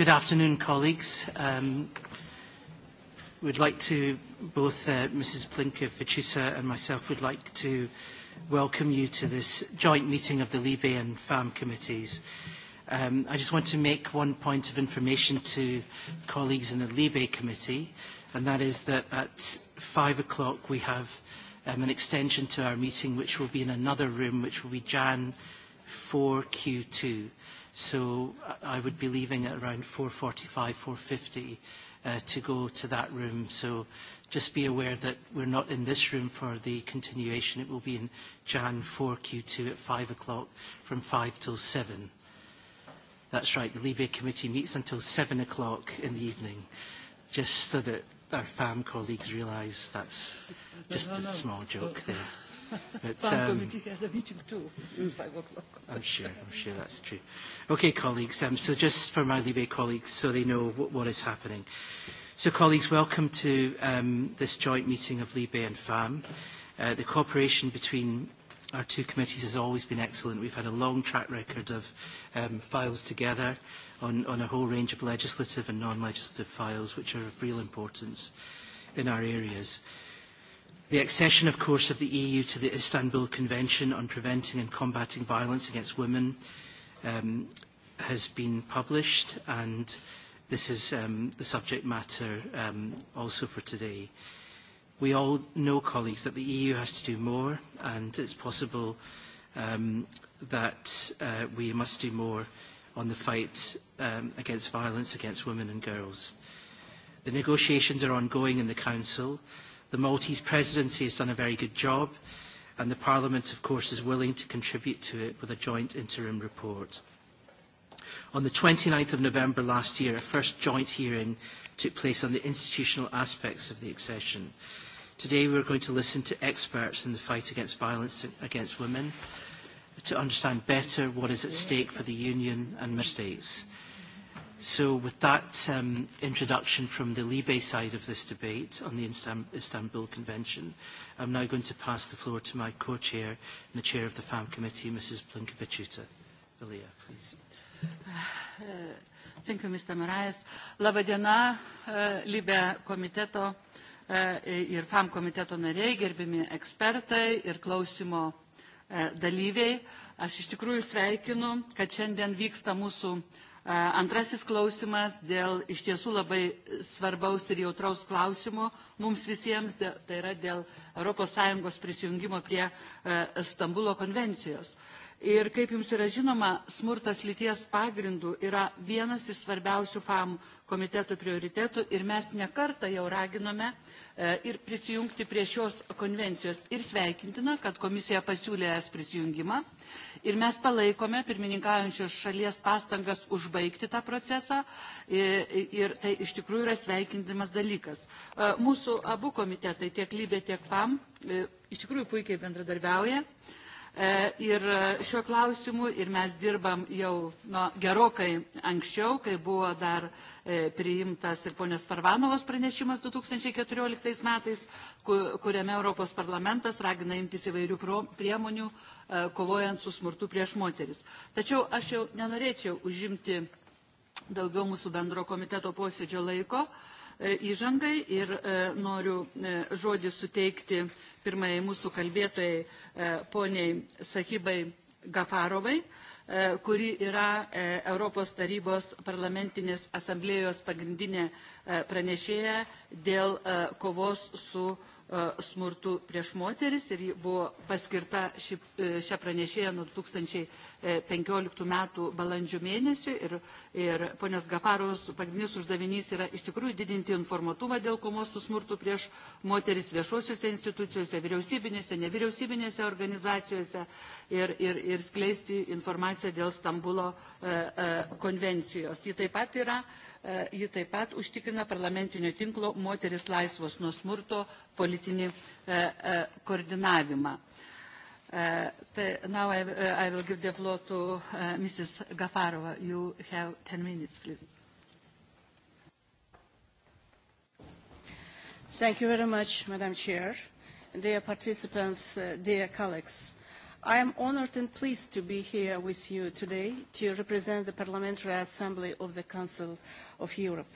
Good afternoon, colleagues. Um, we'd like to, both uh, Mrs. Blinker-Vichusa and myself would like to welcome you to this joint meeting of the Libe and FAM committees. Um, I just want to make one point of information to colleagues in the Libe committee, and that is that at five o'clock we have um, an extension to our meeting, which will be in another room, which will be Jan for Q2. So I would be leaving at around 4.45, 4.50 uh, to go to that room. So just be aware that we're not in this room for the continuation. It will be in Jan for Q2 at 5 o'clock from 5 till 7. That's right, the Libya Committee meets until 7 o'clock in the evening, just so that our FAM colleagues realize that's just a small joke there. But, um, um, I'm sure, I'm sure that's true. Okay, colleagues, um, so just for my Libé colleagues, so they know what, what is happening. So, colleagues, welcome to um, this joint meeting of Libé and FAM. Uh, the cooperation between our two committees has always been excellent. We've had a long track record of um, files together on, on a whole range of legislative and non-legislative files, which are of real importance in our areas. The accession, of course, of the EU to the Istanbul Convention on Preventing and Combating Violence Against Women um, has been published, and this is um, the subject matter um, also for today. We all know, colleagues, that the EU has to do more, and it's possible um, that uh, we must do more on the fight um, against violence against women and girls. The negotiations are ongoing in the Council, The Maltese presidency has done a very good job, and the Parliament, of course, is willing to contribute to it with a joint interim report. On the 29th of November last year, a first joint hearing took place on the institutional aspects of the accession. Today we are going to listen to experts in the fight against violence against women to understand better what is at stake for the Union and member states. So with that um, introduction from the Libe side of this debate on the Istanbul Convention, I'm now going to pass the floor to my co-chair and the chair of the FAM committee, Mrs. Blinkevichuta. Valia, please. Uh, thank you, Mr. Moraes. Labadiena, uh, Libe komiteto uh, ir FAM komiteto nariai, gerbimi ekspertai ir klausimo uh, dalyviai. Aš iš tikrųjų sveikinu, kad šiandien vyksta mūsų Uh, antrasis klausimas dėl iš tiesų labai svarbaus ir jautraus klausimo mums visiems, tai yra dėl sąjungos prisijungimo prie uh, Stambulo konvencijos. Ir kaip jums yra žinoma, smurtas lyties pagrindų yra vienas iš svarbiausių FAM komitetų prioritetų ir mes nekartą jau raginome e, ir prisijungti prie šios konvencijos. Ir sveikintina, kad komisija pasiūlė es prisijungimą. Ir mes palaikome pirmininkaujančios šalies pastangas užbaigti tą procesą. Ir, e, e, ir tai iš tikrųjų yra sveikintinas dalykas. Mūsų abu komitetai, tiek Lybė, tiek FAM, iš tikrųjų puikiai bendradarbiauja. E, ir e, šiuo klausimu ir mes dirbam jau nuo gerokai anksčiau, kai buvo dar e, priimtas ir ponios Parvanovos pranešimas 2014 metais, kuriame Europos parlamentas ragina imtis įvairių priemonių kovojant su smurtu prieš moteris. Tačiau aš jau nenorėčiau užimti daugiau mūsų bendro komiteto posėdžio laiko E, įžangai ir e, noriu e, žodį suteikti pirmai mūsų kalbėtojai poniai Sakybai Gafarovai, kuri yra Europos tarybos parlamentinės asamblėjos pagrindinė pranešėja dėl kovos su E, smurtu prieš moteris ir ji buvo paskirta ši, e, šią pranešėją nuo 2015 e, metų balandžio mėnesio ir, ir ponios Gafaros pagrindinis uždavinys yra iš tikrųjų didinti informatumą dėl komos su smurtu prieš moteris viešuosiuose institucijose, vyriausybinėse, nevyriausybinėse organizacijose ir, ir, ir skleisti informaciją dėl Stambulo e, e, konvencijos. Ji taip pat yra E, ji taip pat užtikrina parlamentinio tinklo moteris laisvos nuo smurto politinį e, e, koordinavimą. Uh, now I, uh, I will give the floor to uh, Mrs. Gafarova. You have 10 minutes, please. Thank you very much, Madam Chair. Dear participants, uh, dear colleagues, I am honored and pleased to be here with you today to represent the Parliamentary Assembly of the Council of Europe.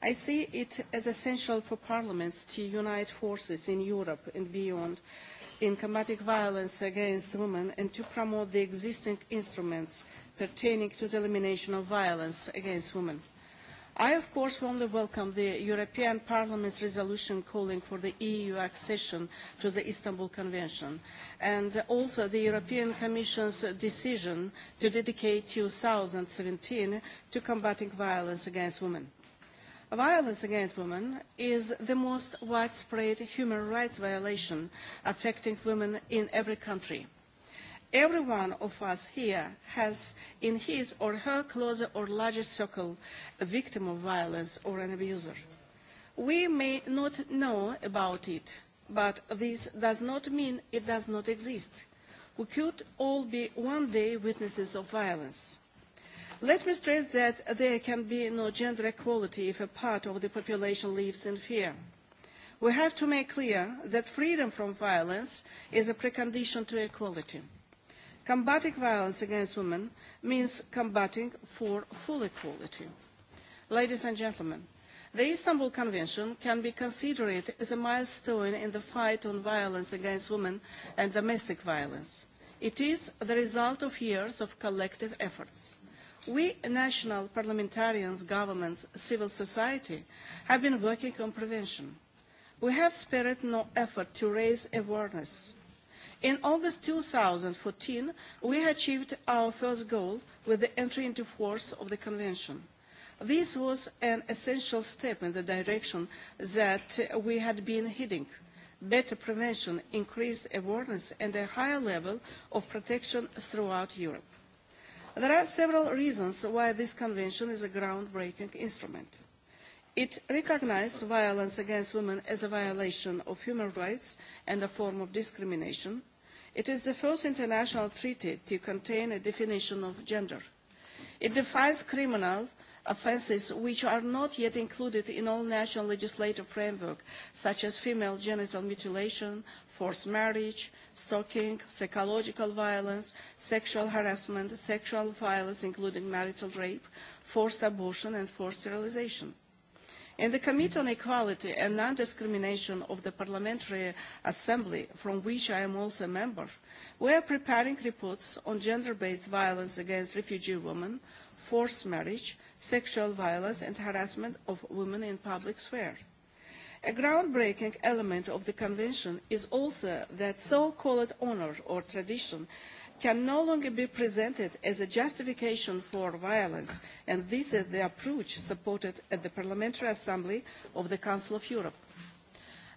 I see it as essential for parliaments to unite forces in Europe and beyond in combating violence against women and to promote the existing instruments pertaining to the elimination of violence against women. I, of course, warmly welcome the European Parliament's resolution calling for the EU accession to the Istanbul Convention, and also the European Commission's decision to dedicate 2017 to combating violence against women. Violence against women is the most widespread human rights violation affecting women in every country Every one of us here has in his or her closer or larger circle a victim of violence or an abuser. We may not know about it, but this does not mean it does not exist. We could all be one day witnesses of violence. Let me stress that there can be no gender equality if a part of the population lives in fear. We have to make clear that freedom from violence is a precondition to equality. Combating violence against women means combating for full equality. Ladies and gentlemen, the Istanbul Convention can be considered as a milestone in the fight on violence against women and domestic violence. It is the result of years of collective efforts. We, national parliamentarians, governments, civil society, have been working on prevention. We have spared no effort to raise awareness In August 2014, we achieved our first goal with the entry into force of the Convention. This was an essential step in the direction that we had been heading. Better prevention, increased awareness and a higher level of protection throughout Europe. There are several reasons why this convention is a groundbreaking instrument. It recognises violence against women as a violation of human rights and a form of discrimination. It is the first international treaty to contain a definition of gender. It defines criminal offences which are not yet included in all national legislative framework, such as female genital mutilation, forced marriage, stalking, psychological violence, sexual harassment, sexual violence including marital rape, forced abortion and forced sterilisation. And the Committee on Equality and Non-Discrimination of the Parliamentary Assembly, from which I am also a member, we are preparing reports on gender-based violence against refugee women, forced marriage, sexual violence and harassment of women in public sphere. A groundbreaking element of the convention is also that so-called honour or tradition can no longer be presented as a justification for violence, and this is the approach supported at the Parliamentary Assembly of the Council of Europe.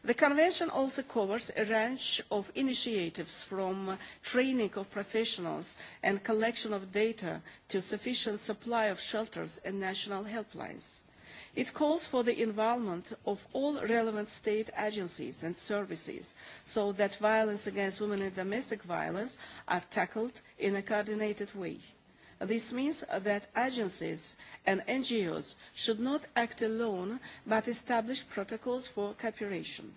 The Convention also covers a range of initiatives from training of professionals and collection of data to sufficient supply of shelters and national helplines. It calls for the involvement of all relevant state agencies and services so that violence against women and domestic violence are tackled in a coordinated way. This means that agencies and NGOs should not act alone but establish protocols for cooperation.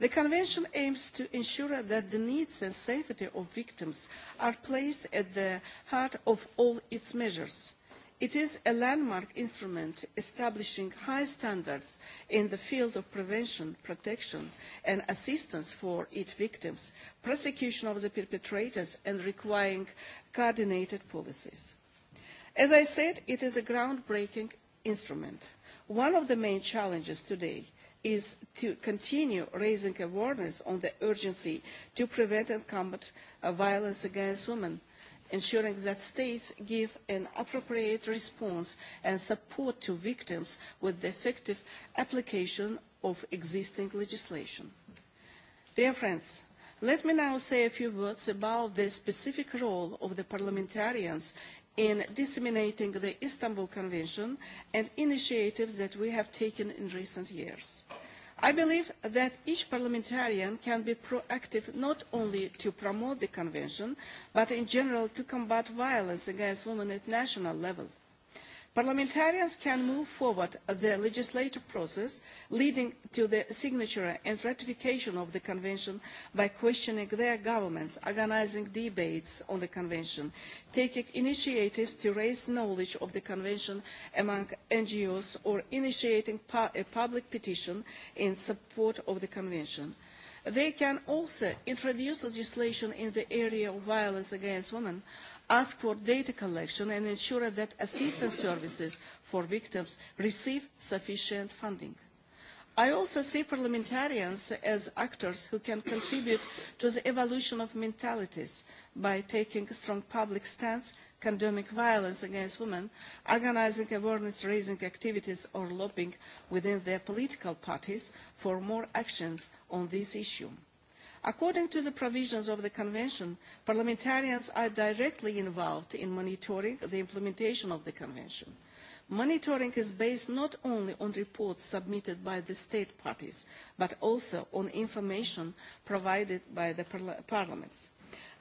The Convention aims to ensure that the needs and safety of victims are placed at the heart of all its measures It is a landmark instrument establishing high standards in the field of prevention, protection and assistance for its victims, prosecution of the perpetrators and requiring coordinated policies. As I said, it is a groundbreaking instrument. One of the main challenges today is to continue raising awareness on the urgency to prevent and combat uh, violence against women ensuring that states give an appropriate response and support to victims with the effective application of existing legislation. Dear friends, let me now say a few words about the specific role of the parliamentarians in disseminating the Istanbul Convention and initiatives that we have taken in recent years. I believe that each parliamentarian can be proactive not only to promote the Convention, but in general to combat violence against women at national level Parliamentarians can move forward the legislative process leading to the signature and ratification of the Convention by questioning their governments, organising debates on the Convention, taking initiatives to raise knowledge of the Convention among NGOs, or initiating a public petition in support of the Convention. They can also introduce legislation in the area of violence against women ask for data collection and ensure that assistance services for victims receive sufficient funding. I also see parliamentarians as actors who can contribute to the evolution of mentalities by taking a strong public stance, condemning violence against women, organizing awareness-raising activities or lobbying within their political parties for more actions on this issue. According to the provisions of the Convention, parliamentarians are directly involved in monitoring the implementation of the Convention. Monitoring is based not only on reports submitted by the state parties, but also on information provided by the parliaments.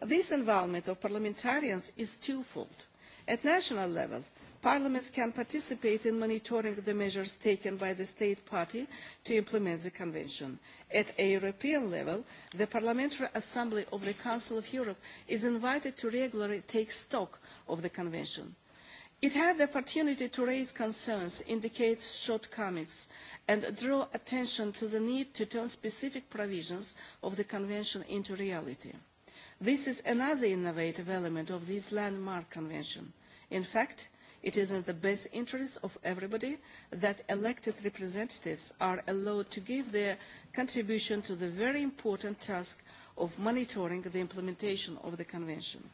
This involvement of parliamentarians is twofold. At national level, Parliaments can participate in monitoring the measures taken by the state party to implement the Convention. At a European level, the Parliamentary Assembly of the Council of Europe is invited to regularly take stock of the Convention. It had the opportunity to raise concerns, indicate shortcomings, and draw attention to the need to turn specific provisions of the Convention into reality. This is another innovative element of this landmark Convention. In fact, It is in the best interest of everybody that elected representatives are allowed to give their contribution to the very important task of monitoring the implementation of the Convention.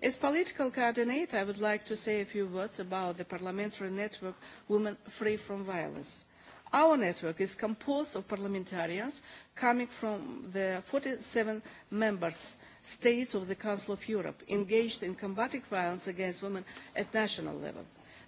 As political coordinator, I would like to say a few words about the parliamentary network Women Free from Violence. Our network is composed of parliamentarians coming from the 47 states states of the Council of Europe engaged in combating violence against women at national level.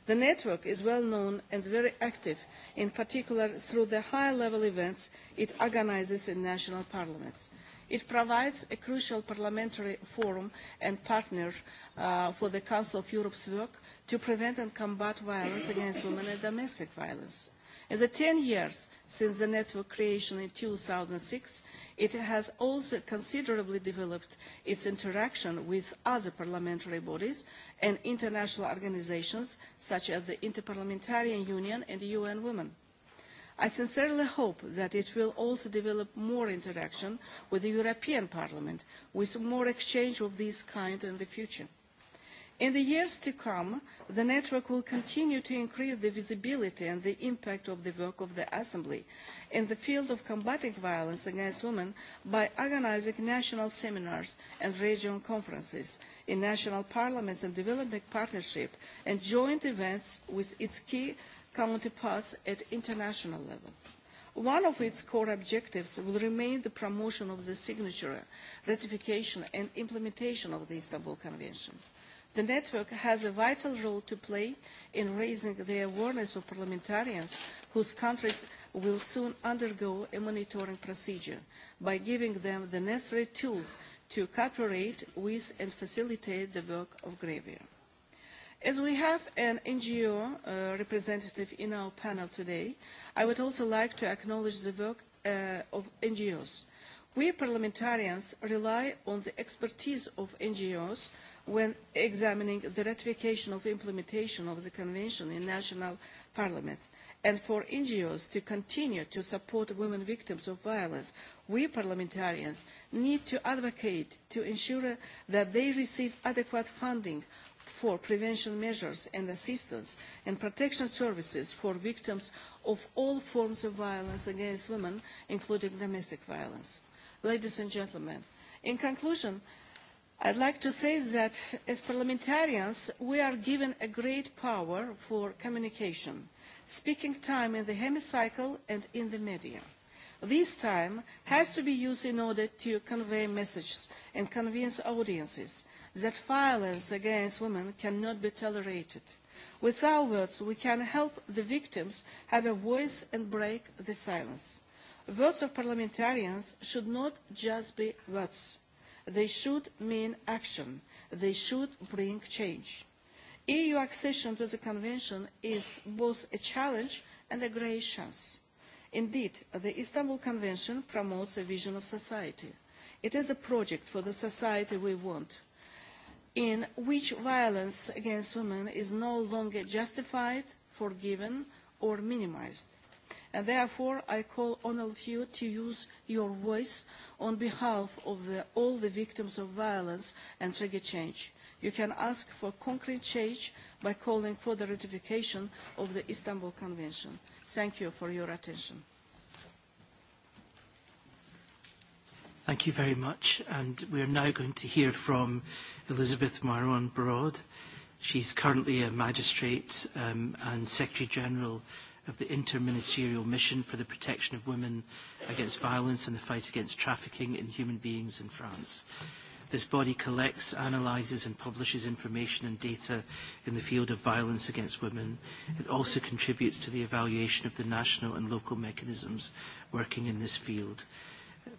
The network is well known and very active, in particular through the high-level events it organises in national parliaments. It provides a crucial parliamentary forum and partner uh, for the Council of Europe's work to prevent and combat violence against women and domestic violence. In the 10 years since the network creation in 2006, it has also considerably developed its interaction with other parliamentary bodies and international organizations such as the Interparliamentarian Union and UN Women. I sincerely hope that it will also develop more interaction with the European Parliament, with more exchange of this kind in the future. In the years to come, the network will continue to increase the visibility and the impact of the work of the Assembly in the field of combating violence against women by organizing national seminars and regional conferences in national parliaments and development partnership and joint events with its key counterparts at international level. One of its core objectives will remain the promotion of the signature, ratification and implementation of the Istanbul Convention. The network has a vital role to play in raising the awareness of parliamentarians whose countries will soon undergo a monitoring procedure by giving them the necessary tools to cooperate with and facilitate the work of GREVIA. As we have an NGO uh, representative in our panel today, I would also like to acknowledge the work uh, of NGOs. We parliamentarians rely on the expertise of NGOs when examining the ratification of implementation of the convention in national parliaments and for ngos to continue to support women victims of violence we parliamentarians need to advocate to ensure that they receive adequate funding for prevention measures and assistance and protection services for victims of all forms of violence against women including domestic violence. ladies and gentlemen in conclusion I'd like to say that as parliamentarians, we are given a great power for communication, speaking time in the hemicycle and in the media. This time has to be used in order to convey messages and convince audiences that violence against women cannot be tolerated. With our words, we can help the victims have a voice and break the silence. Words of parliamentarians should not just be words They should mean action. They should bring change. EU accession to the Convention is both a challenge and a great chance. Indeed, the Istanbul Convention promotes a vision of society. It is a project for the society we want, in which violence against women is no longer justified, forgiven, or minimized. And therefore, I call on all of you to use your voice on behalf of the, all the victims of violence and trigger change. You can ask for concrete change by calling for the ratification of the Istanbul Convention. Thank you for your attention. Thank you very much. And we are now going to hear from Elizabeth Marron Broad. She's currently a magistrate um, and Secretary General of the Interministerial Mission for the Protection of Women Against Violence and the Fight Against Trafficking in Human Beings in France. This body collects, analyses and publishes information and data in the field of violence against women. It also contributes to the evaluation of the national and local mechanisms working in this field.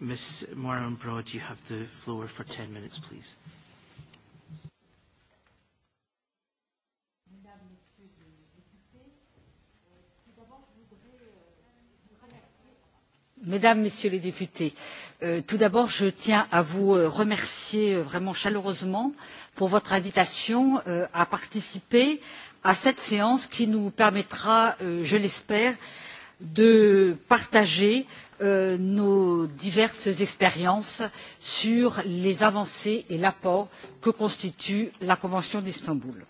Ms. Moran Broad, you have the floor for 10 minutes, please mesdames messieurs les députés euh, tout d'abord je tiens à vous euh, remercier euh, vraiment chaleureusement pour votre invitation à participer à cette séance qui nous permettra je l'espère de partager nos diverses expériences sur les avancées et l'apport que constitue la convention d'istanbul.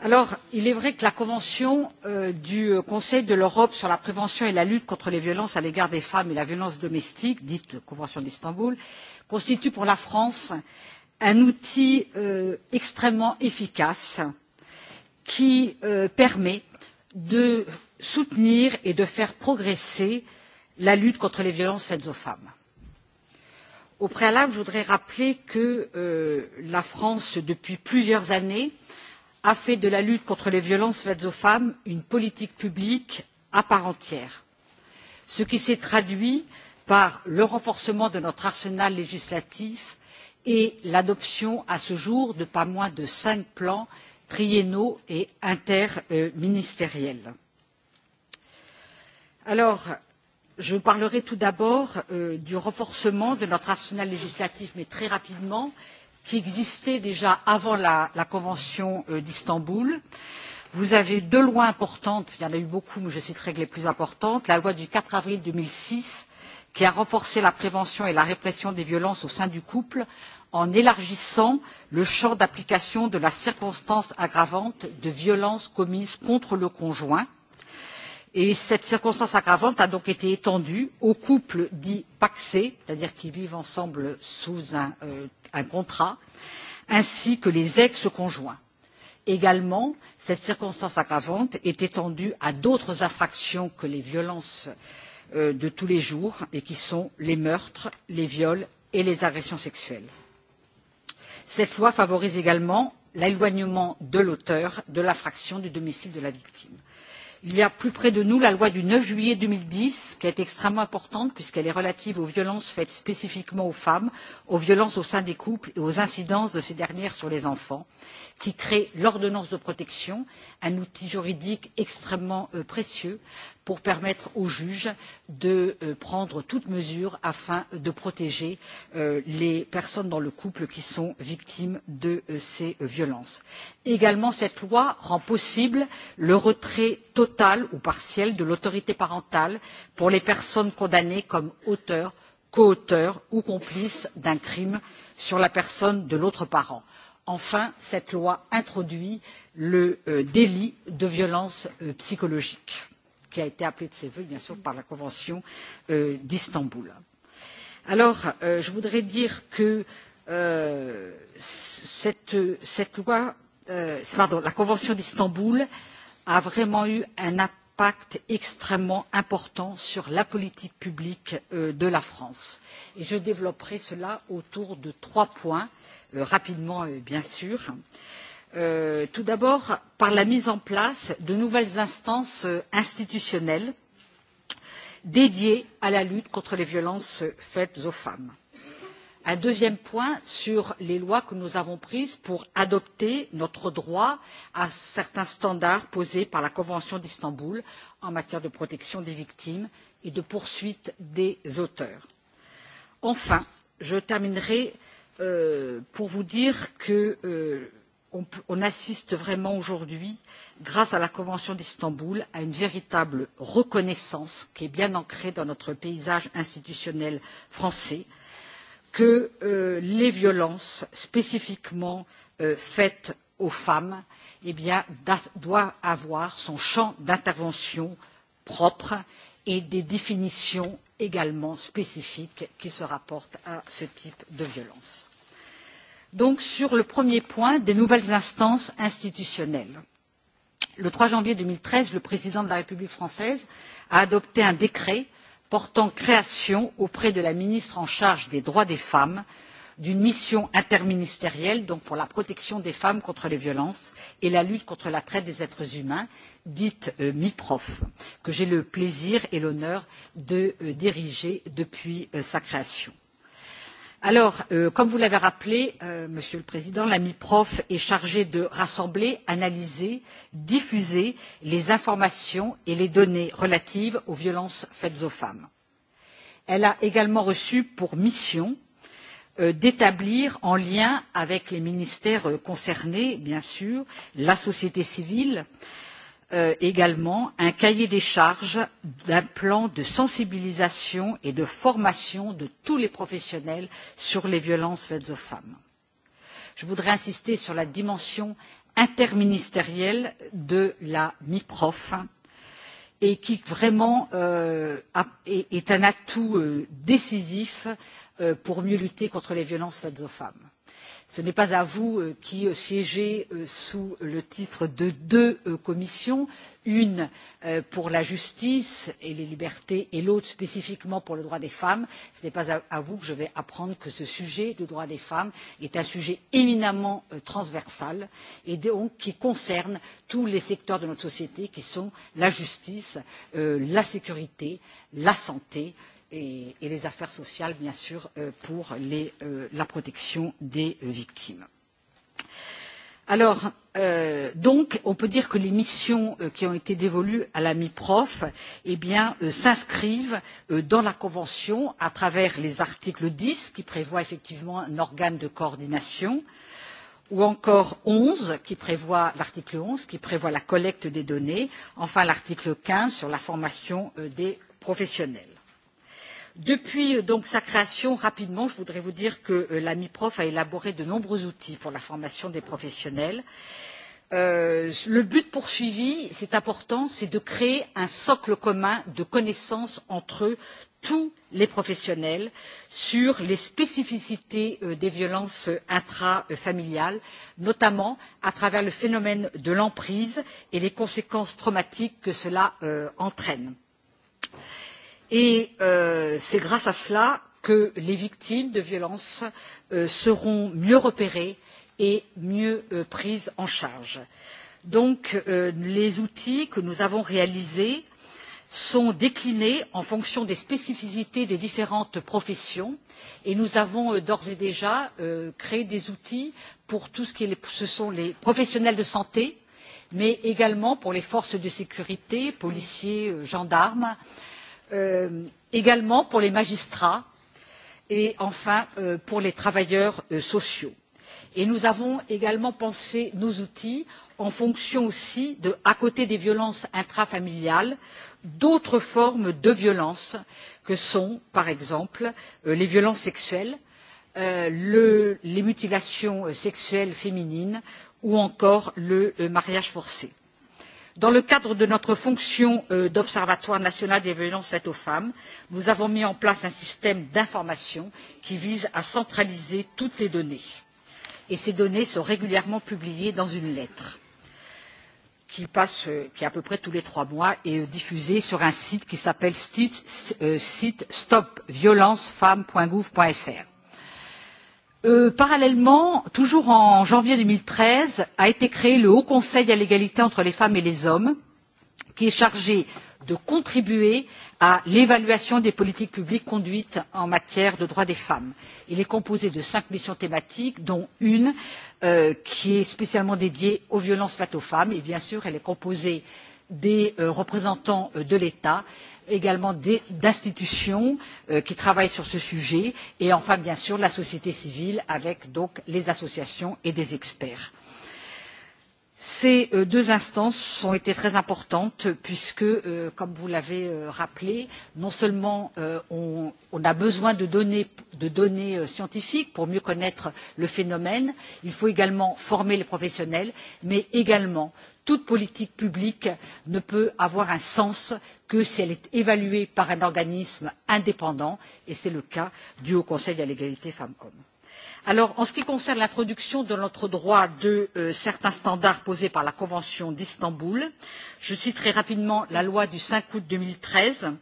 Alors, il est vrai que la Convention euh, du Conseil de l'Europe sur la prévention et la lutte contre les violences à l'égard des femmes et la violence domestique, dite Convention d'Istanbul, constitue pour la France un outil euh, extrêmement efficace qui euh, permet de soutenir et de faire progresser la lutte contre les violences faites aux femmes. Au préalable, je voudrais rappeler que la France, depuis plusieurs années, a fait de la lutte contre les violences faites aux femmes une politique publique à part entière ce qui s'est traduit par le renforcement de notre arsenal législatif et l'adoption à ce jour de pas moins de cinq plans triennaux et interministériels. je parlerai tout d'abord euh, du renforcement de notre arsenal législatif mais très rapidement car qui existait déjà avant la, la Convention euh, d'Istanbul. Vous avez deux lois importantes, il y en a eu beaucoup, mais je citerai que les plus importantes. La loi du 4 avril 2006, qui a renforcé la prévention et la répression des violences au sein du couple en élargissant le champ d'application de la circonstance aggravante de violences commises contre le conjoint et cette circonstance aggravante a donc été étendue aux couples dits pacsés c'est-à-dire qui vivent ensemble sous euh, un, contrat, ainsi que les ex-conjoints. Également, cette circonstance aggravante est étendue à d'autres infractions que les violences euh, de tous les jours et qui sont les meurtres, les viols et les agressions sexuelles. Cette loi favorise également l'éloignement de l'auteur de l'infraction du domicile de la victime il y a plus près de nous la loi du neuf juillet deux mille dix qui est extrêmement importante puisqu'elle est relative aux violences faites spécifiquement aux femmes aux violences au sein des couples et aux incidences de ces dernières sur les enfants. et qui crée l'ordonnance de protection un outil juridique extrêmement euh, précieux pour permettre au juge de euh, prendre toute mesure afin de protéger euh, les personnes dans le couple qui sont victimes de ces violences. également cette loi rend possible le retrait total ou partiel de l'autorité parentale pour les personnes condamnées comme auteurs coauteurs ou complices d'un crime sur la personne de l'autre parent enfin cette loi introduit le euh, délit de violence euh, psychologique qui a été appelé de ses vœux bien sûr par la convention euh, d'istanbul. je voudrais dire que la convention d'istanbul a vraiment eu un impact impact extrêmement important sur la politique publique euh, de la France. Et je développerai cela autour de trois points, euh, rapidement euh, bien sûr. Tout d'abord, par la mise en place de nouvelles instances institutionnelles dédiées à la lutte contre les violences faites aux femmes un deuxième point sur les lois que nous avons prises pour adapter notre droit à certains standards posés par la convention d'istanbul en matière de protection des victimes et de poursuite des auteurs. enfin je terminerai en euh, vous disant que euh, on, assiste vraiment aujourd'hui grâce à la convention d'istanbul à une véritable reconnaissance qui est bien ancrée dans notre paysage institutionnel français que euh, les violences spécifiquement euh, faites aux femmes eh bien, doivent avoir son champ d'intervention propre et des définitions également spécifiques qui se rapportent à ce type de violence. Donc, sur le premier point des nouvelles instances institutionnelles le trois janvier deux mille treize le président de la république française a adopté un décret portant création auprès de la ministre en charge des droits des femmes d'une mission interministérielle pour la protection des femmes contre les violences et la lutte contre la traite des êtres humains dite euh, miprof que j'ai le plaisir et l'honneur de euh, diriger depuis euh, sa création. Alors, euh, comme vous l'avez rappelé, euh, Monsieur le Président, la miprof est chargée de rassembler, analyser, diffuser les informations et les données relatives aux violences faites aux femmes. Elle a également reçu pour mission euh, d'établir, en lien avec les ministères concernés, bien sûr, la société civile, euh, Euh, également un cahier des charges d'un plan de sensibilisation et de formation de tous les professionnels sur les violences faites aux femmes. Je voudrais insister sur la dimension interministérielle de la MIPROF et qui vraiment euh, est un atout euh, décisif pour mieux lutter contre les violences faites aux femmes ce n'est pas à vous euh, qui euh, siégez euh, sous le titre de deux commissions une pour la justice et les libertés et l'autre spécifiquement pour le droit des femmes ce n'est pas à vous que je vais apprendre que ce sujet des droits des femmes est un sujet éminemment transversal et donc qui concerne tous les secteurs de notre société que sont la justice la sécurité la santé et, et les affaires sociales, bien sûr, euh, pour les, euh, la protection des euh, victimes. Alors, euh, donc, on peut dire que les missions euh, qui ont été dévolues à la MIPROF eh bien, euh, s'inscrivent euh, dans la Convention à travers les articles 10 qui prévoient effectivement un organe de coordination, ou encore 11 qui prévoit l'article 11 qui prévoit la collecte des données, enfin l'article 15 sur la formation euh, des professionnels depuis euh, donc, sa création rapidement je voudrais vous dire que euh, la miprof a élaboré de nombreux outils pour la formation des professionnels. Euh, le but poursuivi c'est important c'est de créer un socle commun de connaissances entre tous les professionnels sur les spécificités euh, des violences intrafamiliales notamment à travers le phénomène de l'emprise et les conséquences traumatiques que cela euh, entraîne. il et euh, c'est grâce à cela que les victimes de violences euh, seront mieux repérées et mieux euh, prises en charge. donc les outils que nous avons réalisés sont déclinés en fonction des spécificités des différentes professions et nous avons d'ores et déjà créé des outils pour tout ce qui les, sont les professionnels de santé mais également pour les forces de sécurité policiers gendarmes Euh, également pour les magistrats et enfin euh, pour les travailleurs euh, sociaux. nous avons également pensé nos outils en fonction aussi à côté des violences intrafamiliales d'autres formes de violences que sont par exemple les violences sexuelles les mutilations sexuelles féminines ou encore le mariage forcé. Dans le cadre de notre fonction euh, d'observatoire national des violences faites aux femmes, nous avons mis en place un système d'information qui vise à centraliser toutes les données. Et ces données sont régulièrement publiées dans une lettre qui passe, euh, qui est à peu près tous les trois mois, et euh, diffusée sur un site qui s'appelle site stopviolencefemmes.gouv.fr Euh, parallèlement, toujours en janvier 2013, a été créé le Haut Conseil à l'égalité entre les femmes et les hommes, qui est chargé de contribuer à l'évaluation des politiques publiques conduites en matière de droits des femmes. Il est composé de cinq missions thématiques, dont une euh, qui est spécialement dédiée aux violences faites aux femmes. Et bien sûr, elle est composée des euh, représentants euh, de l'État également d'institutions euh, qui travaillent sur ce sujet et enfin bien sûr la société civile avec donc les associations et des experts. Ces euh, deux instances ont été très importantes puisque, euh, comme vous l'avez rappelé, non seulement on, a besoin de données, scientifiques pour mieux connaître le phénomène, il faut également former les professionnels, mais également toute politique publique ne peut avoir un sens que si elle est évaluée par un organisme indépendant et c'est le cas du haut conseil à l'égalité femmes hommes. en ce qui concerne l'introduction dans notre droit de euh, certains standards posés par la convention d'istanbul je citerai rapidement la loi du cinq août deux mille treize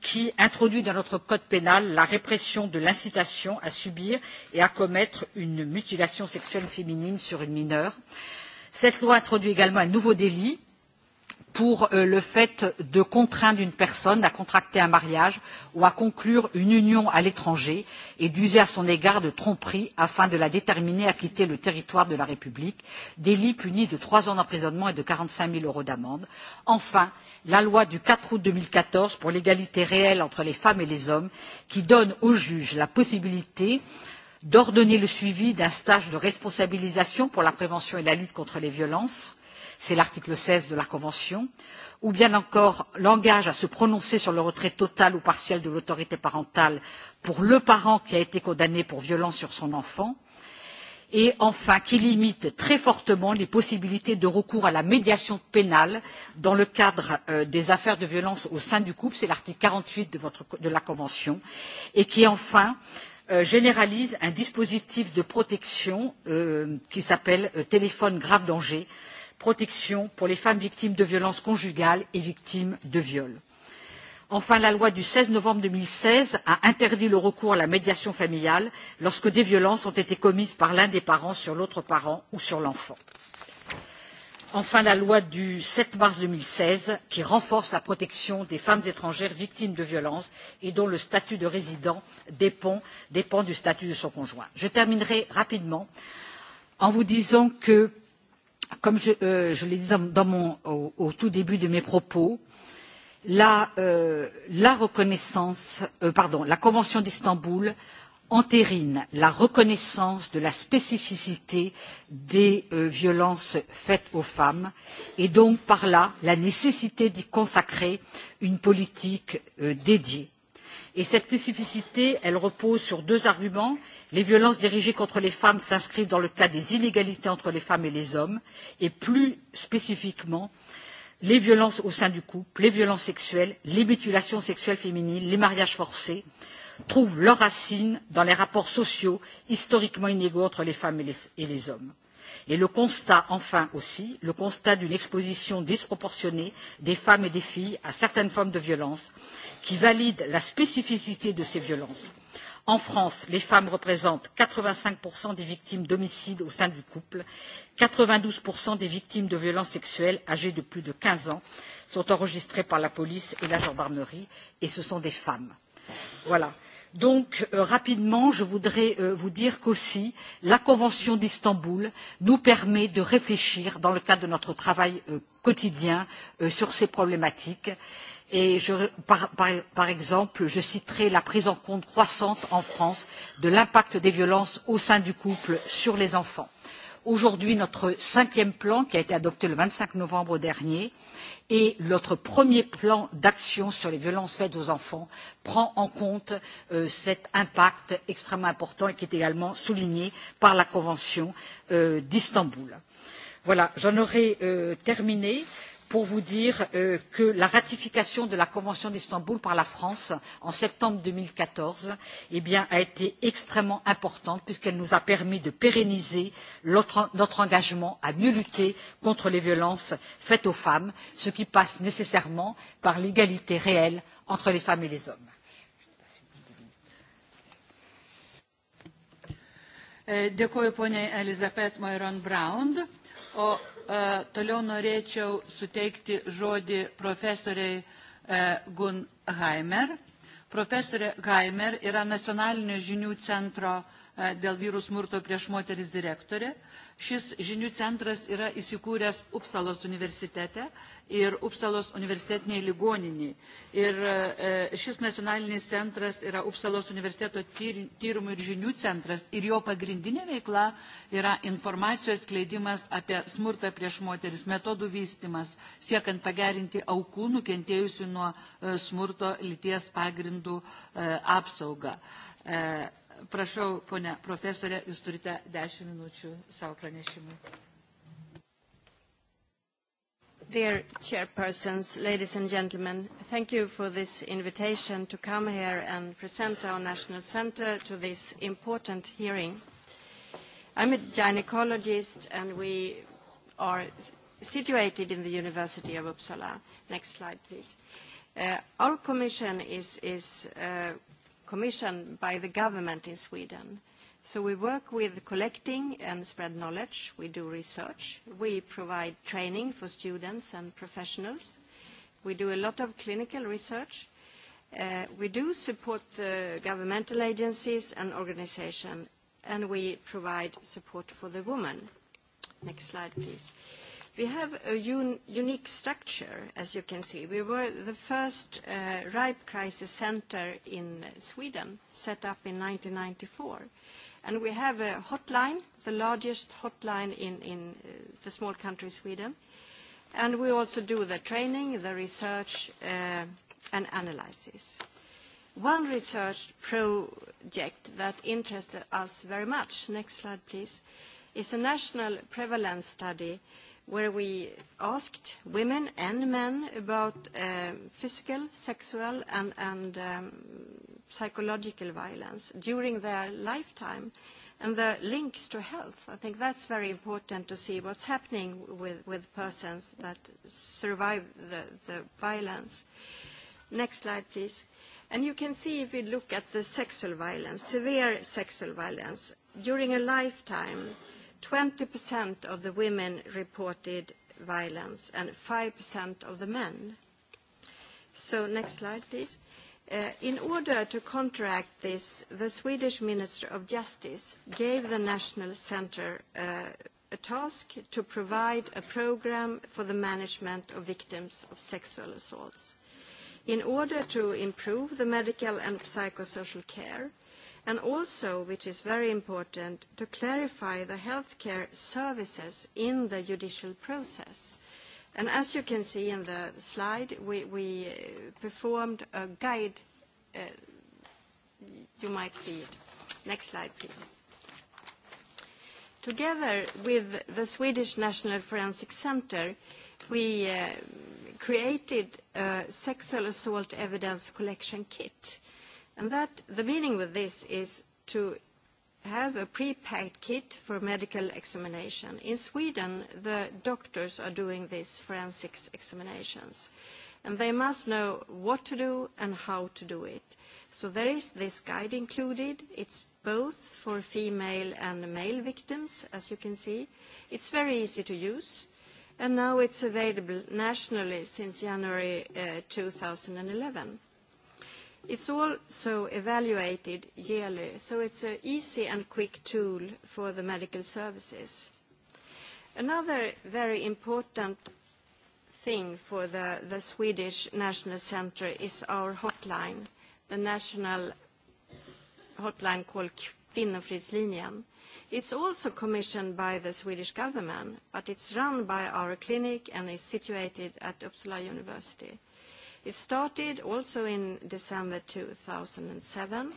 qui introduit dans notre code pénal la répression de l'incitation à subir et à commettre une mutilation sexuelle féminine sur une mineure. cette loi introduit également un nouveau délit pour euh, le fait de contraindre une personne à contracter un mariage ou à conclure une union à l'étranger et d'user à son égard de tromperie afin de la déterminer à quitter le territoire de la République, délit puni de trois ans d'emprisonnement et de 45 000 euros d'amende. Enfin, la loi du 4 août 2014 pour l'égalité réelle entre les femmes et les hommes qui donne aux juges la possibilité d'ordonner le suivi d'un stage de responsabilisation pour la prévention et la lutte contre les violences c'est l'article 16 de la Convention, ou bien encore l'engage à se prononcer sur le retrait total ou partiel de l'autorité parentale pour le parent qui a été condamné pour violence sur son enfant, et enfin qui limite très fortement les possibilités de recours à la médiation pénale dans le cadre euh, des affaires de violence au sein du couple, c'est l'article 48 de, votre, de la Convention, et qui enfin euh, généralise un dispositif de protection euh, qui s'appelle euh, téléphone grave danger, euh, protection pour les femmes victimes de violences conjugales et victimes de viol. enfin la loi du seize novembre deux mille seize a interdit le recours à la médiation familiale lorsque des violences ont été commises par l'un des parents sur l'autre parent ou sur l'enfant. enfin la loi du sept mars deux mille seize qui renforce la protection des femmes étrangères victimes de violences et dont le statut de résident dépend, dépend du statut de son conjoint. je terminerai rapidement en vous disant que comme euh, je, l'ai dit au, tout début de mes propos, euh, euh, la, Convention d'Istanbul entérine la reconnaissance de la spécificité des violences faites aux femmes et donc par là la nécessité d'y consacrer une politique dédiée et cette spécificité elle repose sur deux arguments les violences dirigées contre les femmes s'inscrivent dans le cadre des inégalités entre les femmes et les hommes et plus spécifiquement les violences au sein du couple les violences sexuelles les mutilations sexuelles féminines les mariages forcés trouvent leurs racines dans les rapports sociaux historiquement inégaux entre les femmes et les, et les hommes. Et le constat, enfin aussi, le constat d'une exposition disproportionnée des femmes et des filles à certaines formes de violence qui valide la spécificité de ces violences. En France, les femmes représentent 85% des victimes d'homicides au sein du couple, 92% des victimes de violences sexuelles âgées de plus de 15 ans sont enregistrées par la police et la gendarmerie, et ce sont des femmes. Voilà donc euh, rapidement je voudrais euh, vous dire qu'aussi la convention d'istanbul nous permet de réfléchir dans le cadre de notre travail euh, quotidien sur ces problématiques et par exemple je citerai la prise en compte croissante en france de l'impact des violences au sein du couple sur les enfants aujourd'hui notre cinquième plan qui a été adopté le vingt cinq novembre dernier et notre premier plan d'action sur les violences faites aux enfants prend en compte euh, cet impact extrêmement important et qui est également souligné par la Convention euh, d'Istanbul. Voilà, j'en aurai euh, terminé pour vous dire euh, que la ratification de la Convention d'Istanbul par la France en septembre deux mille quatorze eh a été extrêmement importante puisqu'elle nous a permis de pérenniser notre engagement à mieux lutter contre les violences faites aux femmes, ce qui passe nécessairement par l'égalité réelle entre les femmes et les hommes. Euh, E, toliau norėčiau suteikti žodį profesoriai e, Gunheimer. Profesorė Gaimer yra Nacionalinio žinių centro E, dėl vyrų smurto prieš moteris direktorė. Šis žinių centras yra įsikūręs Upsalos universitete ir Upsalos universitetiniai ligoniniai. Ir e, šis nacionalinis centras yra Upsalos universiteto tyrimų ir žinių centras ir jo pagrindinė veikla yra informacijos kleidimas apie smurtą prieš moteris, metodų vystimas, siekant pagerinti aukų nukentėjusių nuo e, smurto lyties pagrindų apsaugą. Prašau, ponia profesorė, jūs turite 10 minučių savo pranešimui. Dear chairpersons, ladies and gentlemen, thank you for this invitation to come here and present our national center to this important hearing. I'm a gynecologist and we are situated in the University of Uppsala. Next slide, please. Uh, our commission is, is uh, commissioned by the government in Sweden. So we work with collecting and spread knowledge. We do research. We provide training for students and professionals. We do a lot of clinical research. Uh, we do support the governmental agencies and organizations, and we provide support for the woman. Next slide, please. Uh, We have a un unique structure, as you can see. We were the first uh, ripe crisis center in Sweden, set up in 1994. And we have a hotline, the largest hotline in, in uh, the small country Sweden. And we also do the training, the research, uh, and analysis. One research project that interested us very much, next slide please, is a national prevalence study uh, where we asked women and men about uh, physical, sexual, and, and um, psychological violence during their lifetime and the links to health. I think that's very important to see what's happening with, with persons that survive the, the violence. Next slide, please. And you can see if we look at the sexual violence, severe sexual violence, during a lifetime, 20% of the women reported violence and 5% of the men. So next slide, please. Uh, in order to counteract this, the Swedish Minister of Justice gave the National Centre uh, a task to provide a program for the management of victims of sexual assaults. In order to improve the medical and psychosocial care, and also, which is very important, to clarify the healthcare services in the judicial process. And as you can see in the slide, we, we uh, performed a guide. Uh, you might see it. Next slide, please. Together with the Swedish National Forensic Center, we uh, created a sexual assault evidence collection kit And that the meaning with this is to have a prepacked kit for medical examination. In Sweden, the doctors are doing these forensics examinations, and they must know what to do and how to do it. So there is this guide included. It's both for female and male victims, as you can see. It's very easy to use, and now it's available nationally since January uh, 2011. It's also evaluated yearly, so it's an easy and quick tool for the medical services. Another very important thing for the, the Swedish National Center is our hotline, the national hotline called Kvinnofridslinjen. It's also commissioned by the Swedish government, but it's run by our clinic and is situated at Uppsala University. It started also in December 2007,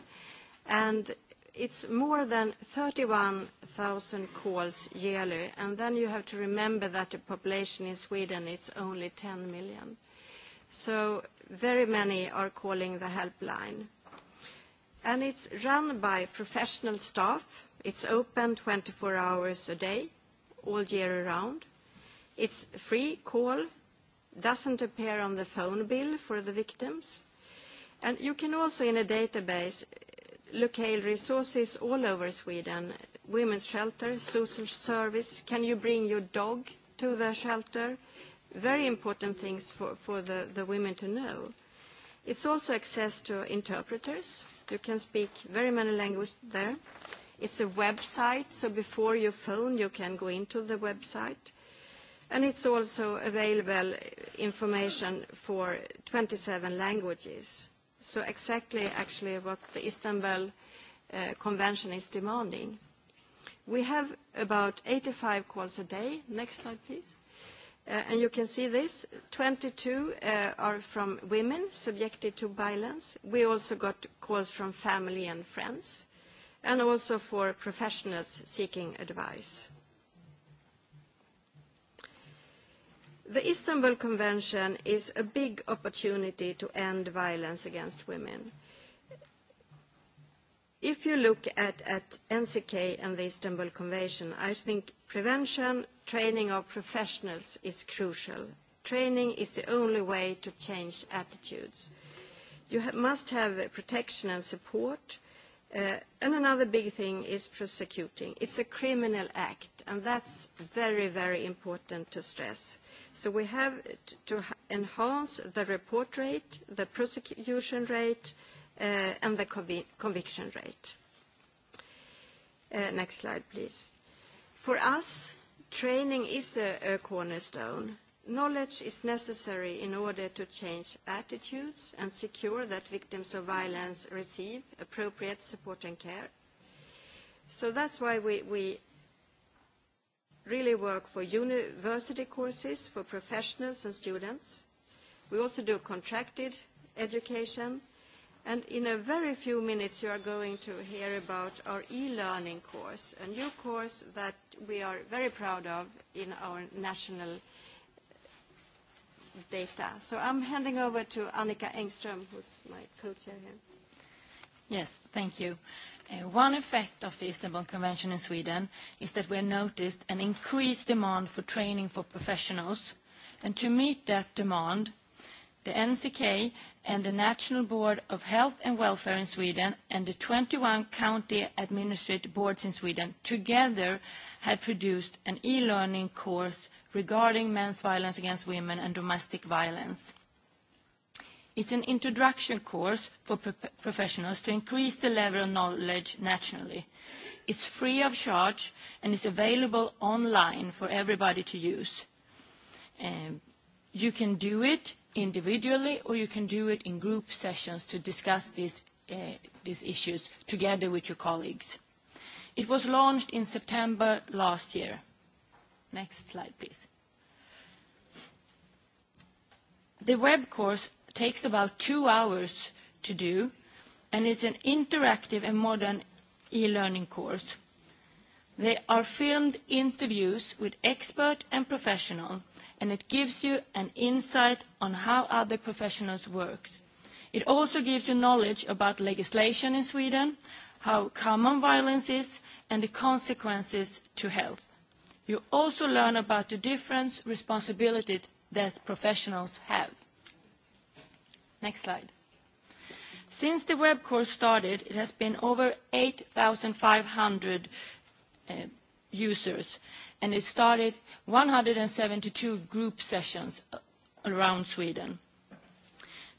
and it's more than 31,000 calls yearly. And then you have to remember that the population in Sweden, it's only 10 million. So very many are calling the helpline. And it's run by professional staff. It's open 24 hours a day, all year round. It's free call doesn't appear on the phone bill for the victims. And you can also, in a database, locate resources all over Sweden, women's shelter, social service, can you bring your dog to the shelter? Very important things for, for the, the women to know. It's also access to interpreters. You can speak very many languages there. It's a website, so before you phone, you can go into the website and it's also available information for 27 languages. So exactly actually what the Istanbul uh, Convention is demanding. We have about 85 calls a day. Next slide, please. Uh, and you can see this, 22 uh, are from women subjected to violence. We also got calls from family and friends, and also for professionals seeking advice. The Istanbul Convention is a big opportunity to end violence against women. If you look at, at NCK and the Istanbul Convention, I think prevention, training of professionals is crucial. Training is the only way to change attitudes. You ha must have protection and support. Uh, and another big thing is prosecuting. It's a criminal act, and that's very, very important to stress So we have to enhance the report rate, the prosecution rate, uh, and the convi conviction rate. Uh, next slide, please. For us, training is a, a cornerstone. Knowledge is necessary in order to change attitudes and secure that victims of violence receive appropriate support and care. So that's why we, we really work for university courses for professionals and students. We also do contracted education. And in a very few minutes, you are going to hear about our e-learning course, a new course that we are very proud of in our national data. So I'm handing over to Annika Engström, who's my co-chair here. Yes, thank you. Uh, one effect of the Istanbul Convention in Sweden is that we have noticed an increased demand for training for professionals. And to meet that demand, the NCK and the National Board of Health and Welfare in Sweden and the 21 county administrative boards in Sweden together have produced an e-learning course regarding men's violence against women and domestic violence. It's an introduction course for pro professionals to increase the level of knowledge nationally. It's free of charge and it's available online for everybody to use. Um, you can do it individually or you can do it in group sessions to discuss these, uh, these issues together with your colleagues. It was launched in September last year. Next slide, please. The web course takes about two hours to do, and it's an interactive and modern e-learning course. There are filmed interviews with expert and professional, and it gives you an insight on how other professionals work. It also gives you knowledge about legislation in Sweden, how common violence is, and the consequences to health. You also learn about the different responsibilities that professionals have. Next slide. Since the web course started, it has been over 8,500 uh, users, and it started 172 group sessions uh, around Sweden.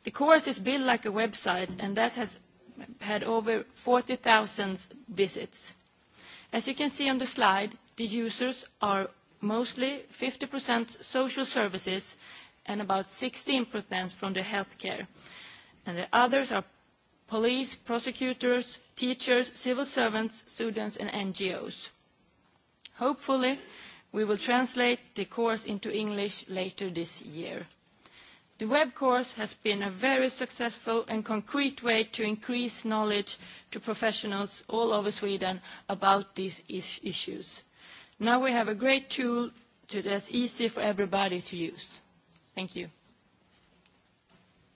The course is built like a website, and that has had over 40,000 visits. As you can see on the slide, the users are mostly 50% social services and about 16% from the healthcare. And the others are police, prosecutors, teachers, civil servants, students, and NGOs. Hopefully, we will translate the course into English later this year. The web course has been a very successful and concrete way to increase knowledge to professionals all over Sweden about these is issues. Now we have a great tool that is easy for everybody to use. Thank you.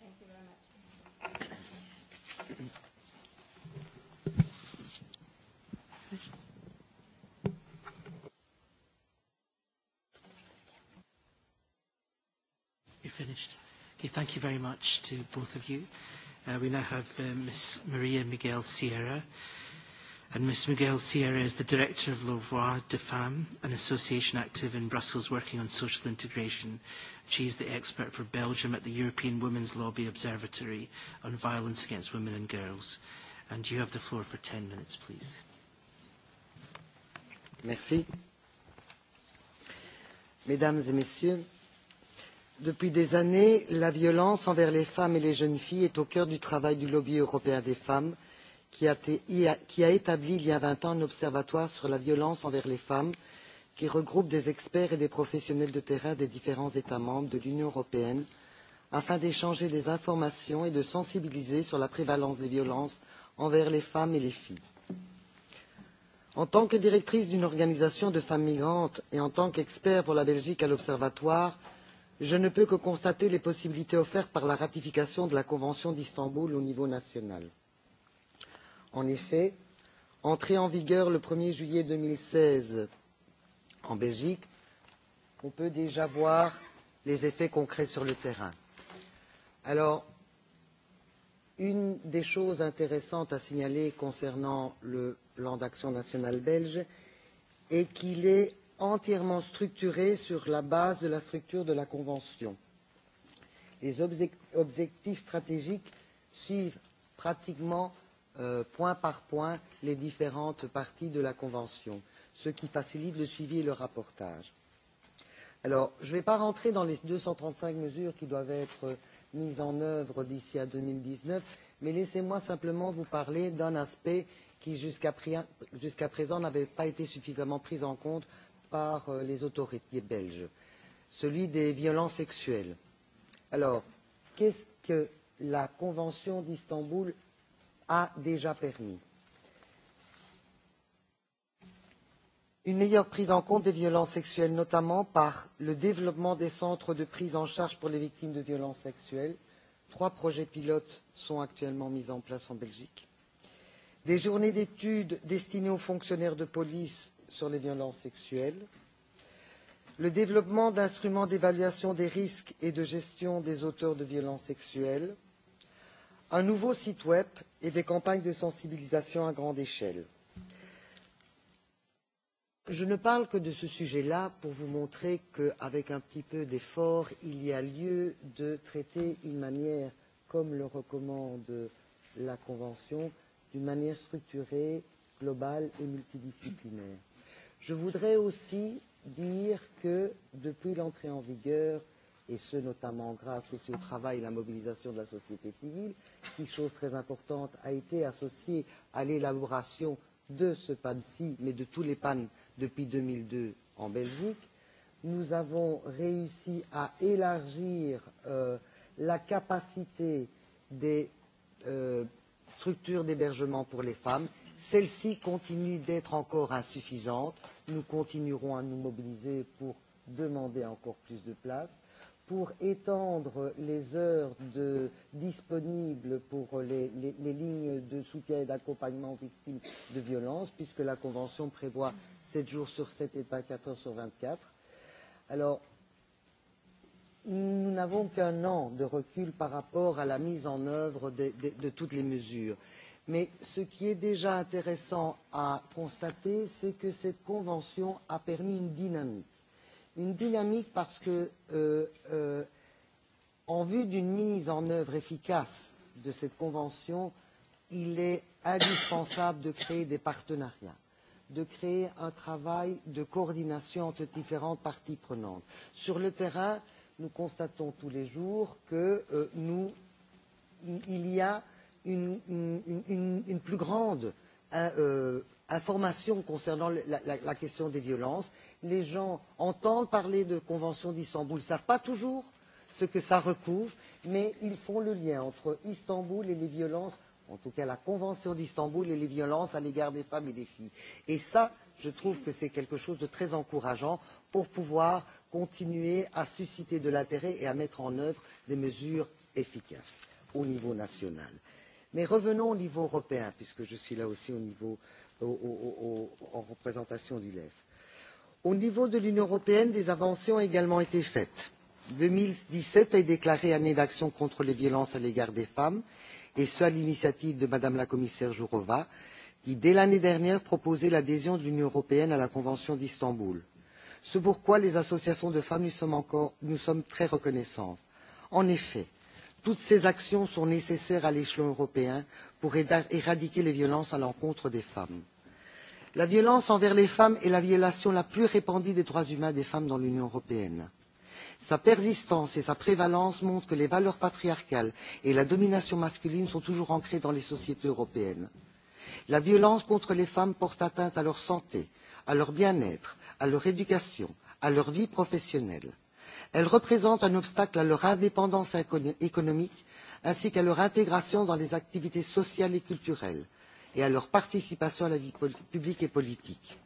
Thank you very much. You're finished. Okay, thank you very much to both of you. Uh, we now have uh, Ms. Maria Miguel Sierra, and Ms. Miguel Sierra is the Director of Lavoie de Femmes, an association active in Brussels working on social integration. She is the expert for Belgium at the European Women's Lobby Observatory on violence against women and girls. And you have the floor for 10 minutes, please. Merci. Mesdames et messieurs, depuis des années, la violence envers les femmes et les jeunes filles est au cœur du travail du lobby européen des femmes – qui a, qui a établi il y a vingt ans un observatoire sur la violence envers les femmes qui regroupe des experts et des professionnels de terrain des différents états membres de l'union européenne afin d'échanger des informations et de sensibiliser sur la prévalence des violences envers les femmes et les filles. en tant que directrice d'une organisation de femmes migrantes et en tant qu'expert pour la belgique à l'observatoire je ne peux que constater les possibilités offertes par la ratification de la convention d'istanbul au niveau national. En effet, entré en vigueur le 1er juillet 2016 en Belgique, on peut déjà voir les effets concrets sur le terrain. Alors, une des choses intéressantes à signaler concernant le plan d'action national belge est qu'il est entièrement structuré sur la base de la structure de la Convention. Les objectifs stratégiques suivent pratiquement Euh, point par point les différentes parties de la Convention, ce qui facilite le suivi et le rapportage. Alors, je ne vais pas rentrer dans les 235 mesures qui doivent être mises en œuvre d'ici à 2019, mais laissez-moi simplement vous parler d'un aspect qui, jusqu'à jusqu présent, n'avait pas été suffisamment pris en compte par euh, les autorités belges, celui des violences sexuelles. Alors, qu'est-ce que la Convention d'Istanbul a déjà permis. une meilleure prise en compte des violences sexuelles notamment par le développement des centres de prise en charge pour les victimes de violences sexuelles trois projets pilotes sont actuellement mis en place en belgique des journées d'études destinées aux fonctionnaires de police sur les violences sexuelles le développement d'instruments d'évaluation des risques et de gestion des auteurs de violences sexuelles un nouveau site web et des campagnes de sensibilisation à grande échelle. Je ne parle que de ce sujet-là pour vous montrer qu'avec un petit peu d'effort, il y a lieu de traiter une manière, comme le recommande la Convention, d'une manière structurée, globale et multidisciplinaire. Je voudrais aussi dire que depuis l'entrée en vigueur et ce notamment grâce aussi au travail et la mobilisation de la société civile, qui, chose très importante, a été associée à l'élaboration de ce PAN-ci, mais de tous les PAN depuis 2002 en Belgique. Nous avons réussi à élargir euh, la capacité des euh, structures d'hébergement pour les femmes. Celles-ci continuent d'être encore insuffisantes. Nous continuerons à nous mobiliser pour demander encore plus de place pour étendre les heures de, disponibles pour les, les, les lignes de soutien et d'accompagnement aux victimes de violences, puisque la Convention prévoit 7 jours sur 7 et 24 heures sur 24. Alors, nous n'avons qu'un an de recul par rapport à la mise en œuvre de, de, de toutes les mesures. Mais ce qui est déjà intéressant à constater, c'est que cette convention a permis une dynamique une dynamique parce que, euh, euh, en vue d'une mise en œuvre efficace de cette convention, il est indispensable de créer des partenariats, de créer un travail de coordination entre différentes parties prenantes. Sur le terrain, nous constatons tous les jours que euh, nous, il y a une, une, une, une plus grande euh, euh information concernant la, la, la question des violences les gens entendent parler de convention d'istanbul ne savent pas toujours ce que cela recouvre mais ils font le lien entre istanbul et les violences en tout cas la convention d'istanbul et les violences à l'égard des femmes et des filles et ça je trouve que c'est quelque chose de très encourageant pour pouvoir continuer à susciter de l'intérêt et à mettre en œuvre des mesures efficaces au niveau national. mais revenons au niveau européen puisque je suis là aussi au niveau, au, au, au, en représentation du lef au niveau de l'union européenne des avancées ont également été faites. deux mille dix sept est déclarée année d'action contre les violences à l'égard des femmes et ce à l'initiative de mme la commissaire jourov qui dès l'année dernière proposait l'adhésion de l'union européenne à la convention d'istanbul. c'est pourquoi les associations de femmes nous sommes, encore, nous sommes très reconnaissantes. en effet toutes ces actions sont nécessaires à l'échelon européen pour éradiquer les violences à l'encontre des femmes la violence envers les femmes est la violation la plus répandue des droits humains des femmes dans l'union européenne. sa persistance et sa prévalence montrent que les valeurs patriarcales et la domination masculine sont toujours ancrées dans les sociétés européennes. la violence contre les femmes porte atteinte à leur santé à leur bien être à leur éducation à leur vie professionnelle. elle représente un obstacle à leur indépendance économique ainsi qu'à leur intégration dans les activités sociales et culturelles et à leur participation à la vie publique et politique.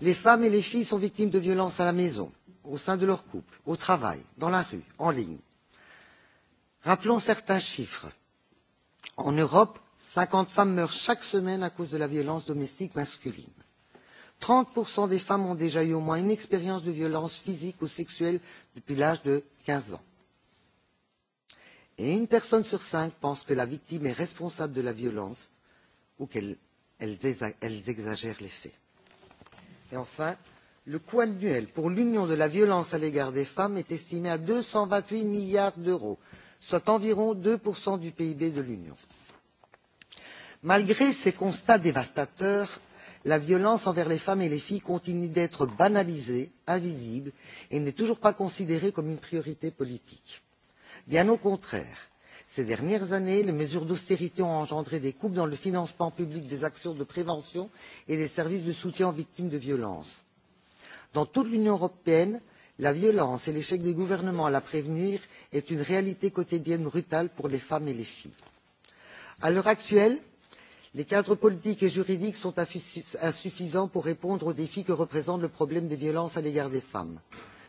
Les femmes et les filles sont victimes de violences à la maison, au sein de leur couple, au travail, dans la rue, en ligne. Rappelons certains chiffres. En Europe, 50 femmes meurent chaque semaine à cause de la violence domestique masculine. 30% des femmes ont déjà eu au moins une expérience de violence physique ou sexuelle depuis l'âge de 15 ans. Et une personne sur cinq pense que la victime est responsable de la violence ou qu'elles exagèrent les faits. Et enfin, le coût annuel pour l'Union de la violence à l'égard des femmes est estimé à 228 milliards d'euros, soit environ 2% du PIB de l'Union. Malgré ces constats dévastateurs, la violence envers les femmes et les filles continue d'être banalisée, invisible et n'est toujours pas considérée comme une priorité politique. Bien au contraire, Ces dernières années, les mesures d'austérité ont engendré des coupes dans le financement public des actions de prévention et des services de soutien aux victimes de violences. Dans toute l'Union européenne, la violence et l'échec des gouvernements à la prévenir est une réalité quotidienne brutale pour les femmes et les filles. À l'heure actuelle, les cadres politiques et juridiques sont insuffisants pour répondre aux défis que représente le problème des violences à l'égard des femmes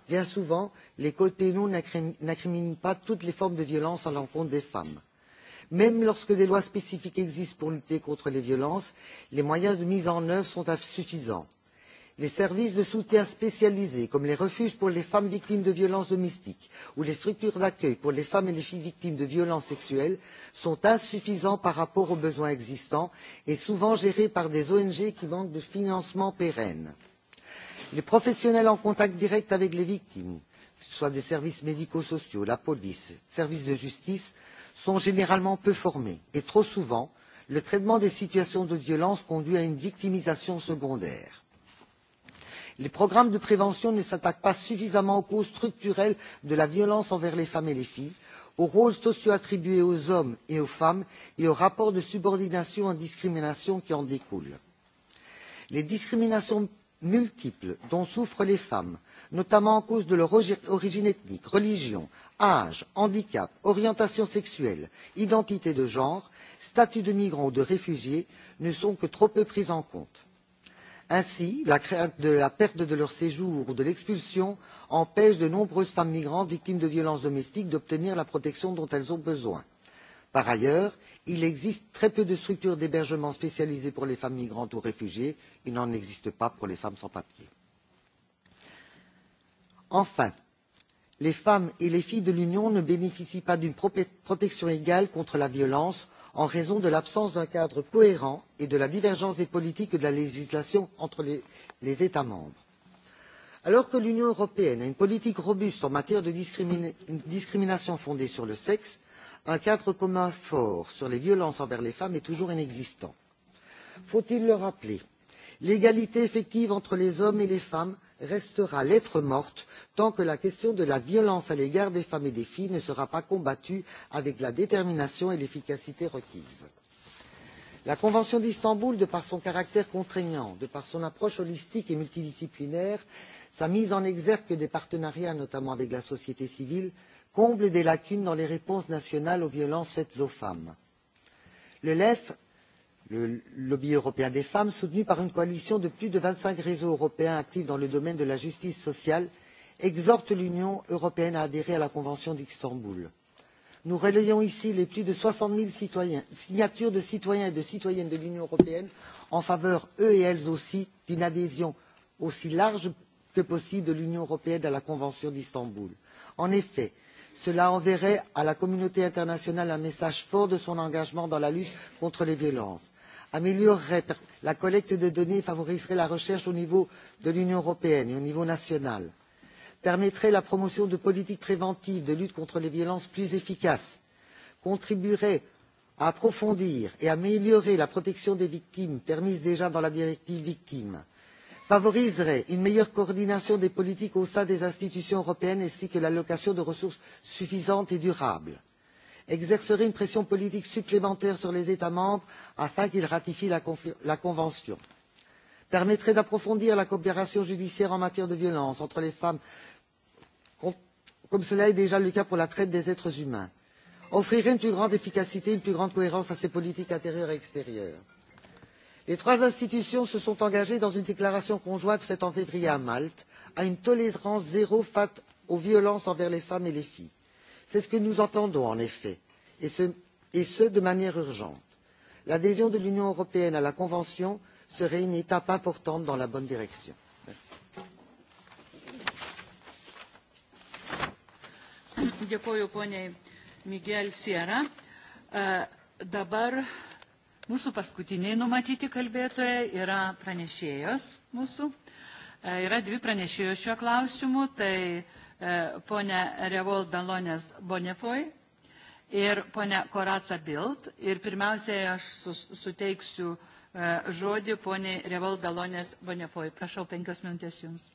bien souvent, les codes pénaux n'incriminent pas toutes les formes de violence à l'encontre des femmes. Même lorsque des lois spécifiques existent pour lutter contre les violences, les moyens de mise en œuvre sont insuffisants. Les services de soutien spécialisés, comme les refuges pour les femmes victimes de violences domestiques ou les structures d'accueil pour les femmes et les filles victimes de violences sexuelles, sont insuffisants par rapport aux besoins existants et souvent gérés par des ONG qui manquent de financement pérenne les professionnels en contact direct avec les victimes que ce soit des services médico sociaux la police les services de justice sont généralement peu formés et trop souvent le traitement des situations de violence conduit à une victimisation secondaire. les programmes de prévention ne s'attaquent pas suffisamment aux causes structurelles de la violence envers les femmes et les filles aux rôles sociaux attribués aux hommes et aux femmes et aux rapports de subordination et de discrimination qui en découlent. les discriminations multiples dont souffrent les femmes notamment à cause de leur origine ethnique religion âge handicap orientation sexuelle identité de genre statut de migrant ou de réfugié ne sont que trop peu prises en compte. ainsi la crainte de la perte de leur séjour ou de l'expulsion empêche de nombreuses femmes migrantes victimes de violences domestiques d'obtenir la protection dont elles ont besoin. par ailleurs il existe très peu de structures d'hébergement spécialisées pour les femmes migrantes ou réfugiées il n'en existe pas pour les femmes sans papiers. enfin les femmes et les filles de l'union ne bénéficient pas d'une protection égale contre la violence en raison de l'absence d'un cadre cohérent et de la divergence des politiques et de la législation entre les, les états membres. alors que l'union européenne a une politique robuste en matière de discrimination fondée sur le sexe un cadre commun fort sur les violences envers les femmes est toujours inexistant. faut il le rappeler l'égalité effective entre les hommes et les femmes restera lettre morte tant que la question de la violence à l'égard des femmes et des filles ne sera pas combattue avec la détermination et l'efficacité requises. la convention d'istanbul de par son caractère contraignant de par son approche holistique et multidisciplinaire sa mise en exergue des partenariats notamment avec la société civile comble des lacunes dans les réponses nationales aux violences faites aux femmes. Le LEF, le lobby européen des femmes, soutenu par une coalition de plus de 25 réseaux européens actifs dans le domaine de la justice sociale, exhorte l'Union européenne à adhérer à la Convention d'Istanbul. Nous relayons ici les plus de 60 000 citoyens, signatures de citoyens et de citoyennes de l'Union européenne en faveur, eux et elles aussi, d'une adhésion aussi large que possible de l'Union européenne à la Convention d'Istanbul. En effet, cela enverrait à la communauté internationale un message fort de son engagement dans la lutte contre les violences améliorerait la collecte de données et favoriserait la recherche au niveau de l'union européenne et au niveau national permettrait la promotion de politiques préventives de lutte contre les violences plus efficaces contribuerait à approfondir et à améliorer la protection des victimes permise déjà dans la directive victimes favoriserait une meilleure coordination des politiques au sein des institutions européennes ainsi que l'allocation de ressources suffisantes et durables exercerait une pression politique supplémentaire sur les états membres afin qu'ils ratifient la, la convention permettrait d'approfondir la coopération judiciaire en matière de violence entre les femmes comme cela est déjà le cas pour la traite des êtres humains offrirait une plus grande efficacité et une plus grande cohérence à ces politiques intérieures et extérieures les trois institutions se sont engagées dans une déclaration conjointe faite en février à malte à une tolérance zéro face aux violences envers les femmes et les filles. c'est ce que nous entendons en effet et ce, et ce de manière urgente. l'adhésion de l'union européenne à la convention serait une étape importante dans la bonne direction. Merci. dėkoju poniai miguel sierra. E, dabar Mūsų paskutiniai numatyti kalbėtojai yra pranešėjos mūsų. E, yra dvi pranešėjos šiuo klausimu, tai e, ponia Revol Dalonės Bonifoj ir ponia Koraca Bild. Ir pirmiausiai aš suteiksiu e, žodį poniai Revol Dalonės Bonifoj. Prašau, penkios minutės jums.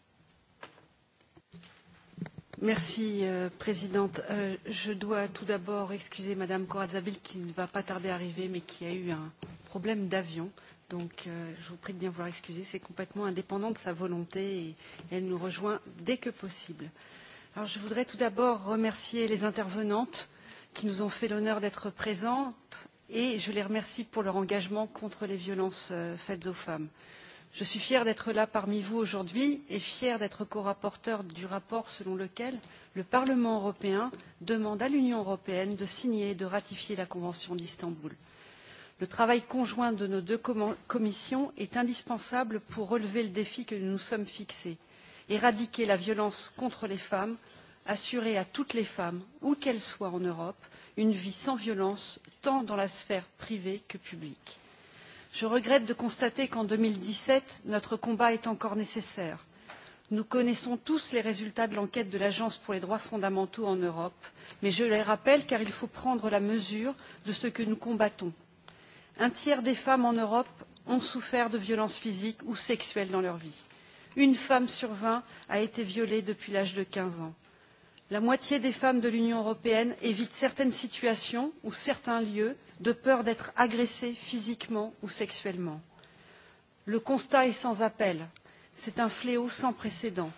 Merci, euh, Présidente. Euh, je dois tout d'abord excuser Madame Corazabil qui ne va pas tarder à arriver, mais qui a eu un problème d'avion. Donc, euh, je vous prie de bien vouloir excuser. C'est complètement indépendant de sa volonté et elle nous rejoint dès que possible. Alors, je voudrais tout d'abord remercier les intervenantes qui nous ont fait l'honneur d'être présentes et je les remercie pour leur engagement contre les violences euh, faites aux femmes. Je suis fière d'être là parmi vous aujourd'hui et fière d'être co-rapporteur du rapport selon lequel le Parlement européen demande à l'Union européenne de signer et de ratifier la Convention d'Istanbul. Le travail conjoint de nos deux commissions est indispensable pour relever le défi que nous nous sommes fixés éradiquer la violence contre les femmes, assurer à toutes les femmes, où qu'elles soient en Europe, une vie sans violence, tant dans la sphère privée que publique je regrette de constater qu'en deux mille dix sept notre combat est encore nécessaire. nous connaissons tous les résultats de l'enquête de l'agence pour les droits fondamentaux en europe mais je les rappelle car il faut prendre la mesure de ce que nous combattons un tiers des femmes en europe ont souffert de violences physiques ou sexuelles dans leur vie une femme sur vingt a été violée depuis l'âge de quinze ans la moitié des femmes de l'union européenne évitent certaines situations ou certains lieux de peur d'être agressé physiquement ou sexuellement. Le constat est sans appel. C'est un fléau sans précédent.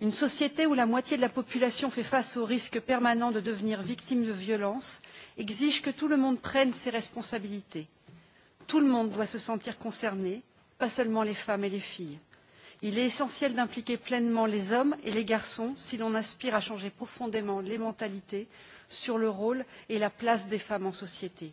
Une société où la moitié de la population fait face au risque permanent de devenir victime de violences exige que tout le monde prenne ses responsabilités. Tout le monde doit se sentir concerné, pas seulement les femmes et les filles. Il est essentiel d'impliquer pleinement les hommes et les garçons si l'on aspire à changer profondément les mentalités sur le rôle et la place des femmes en société.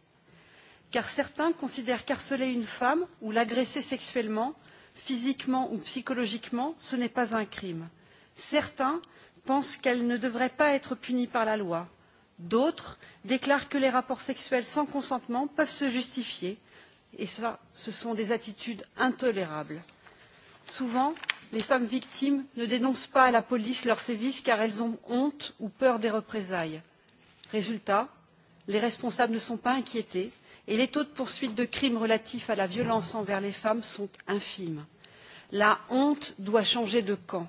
Car certains considèrent qu'harceler une femme ou l'agresser sexuellement, physiquement ou psychologiquement, ce n'est pas un crime. Certains pensent qu'elle ne devrait pas être punie par la loi. D'autres déclarent que les rapports sexuels sans consentement peuvent se justifier. Et ça, ce sont des attitudes intolérables. Souvent, les femmes victimes ne dénoncent pas à la police leurs sévices car elles ont honte ou peur des représailles résultat les responsables ne sont pas inquiétés et les taux de poursuite de crimes relatifs à la violence envers les femmes sont infimes. la honte doit changer de camp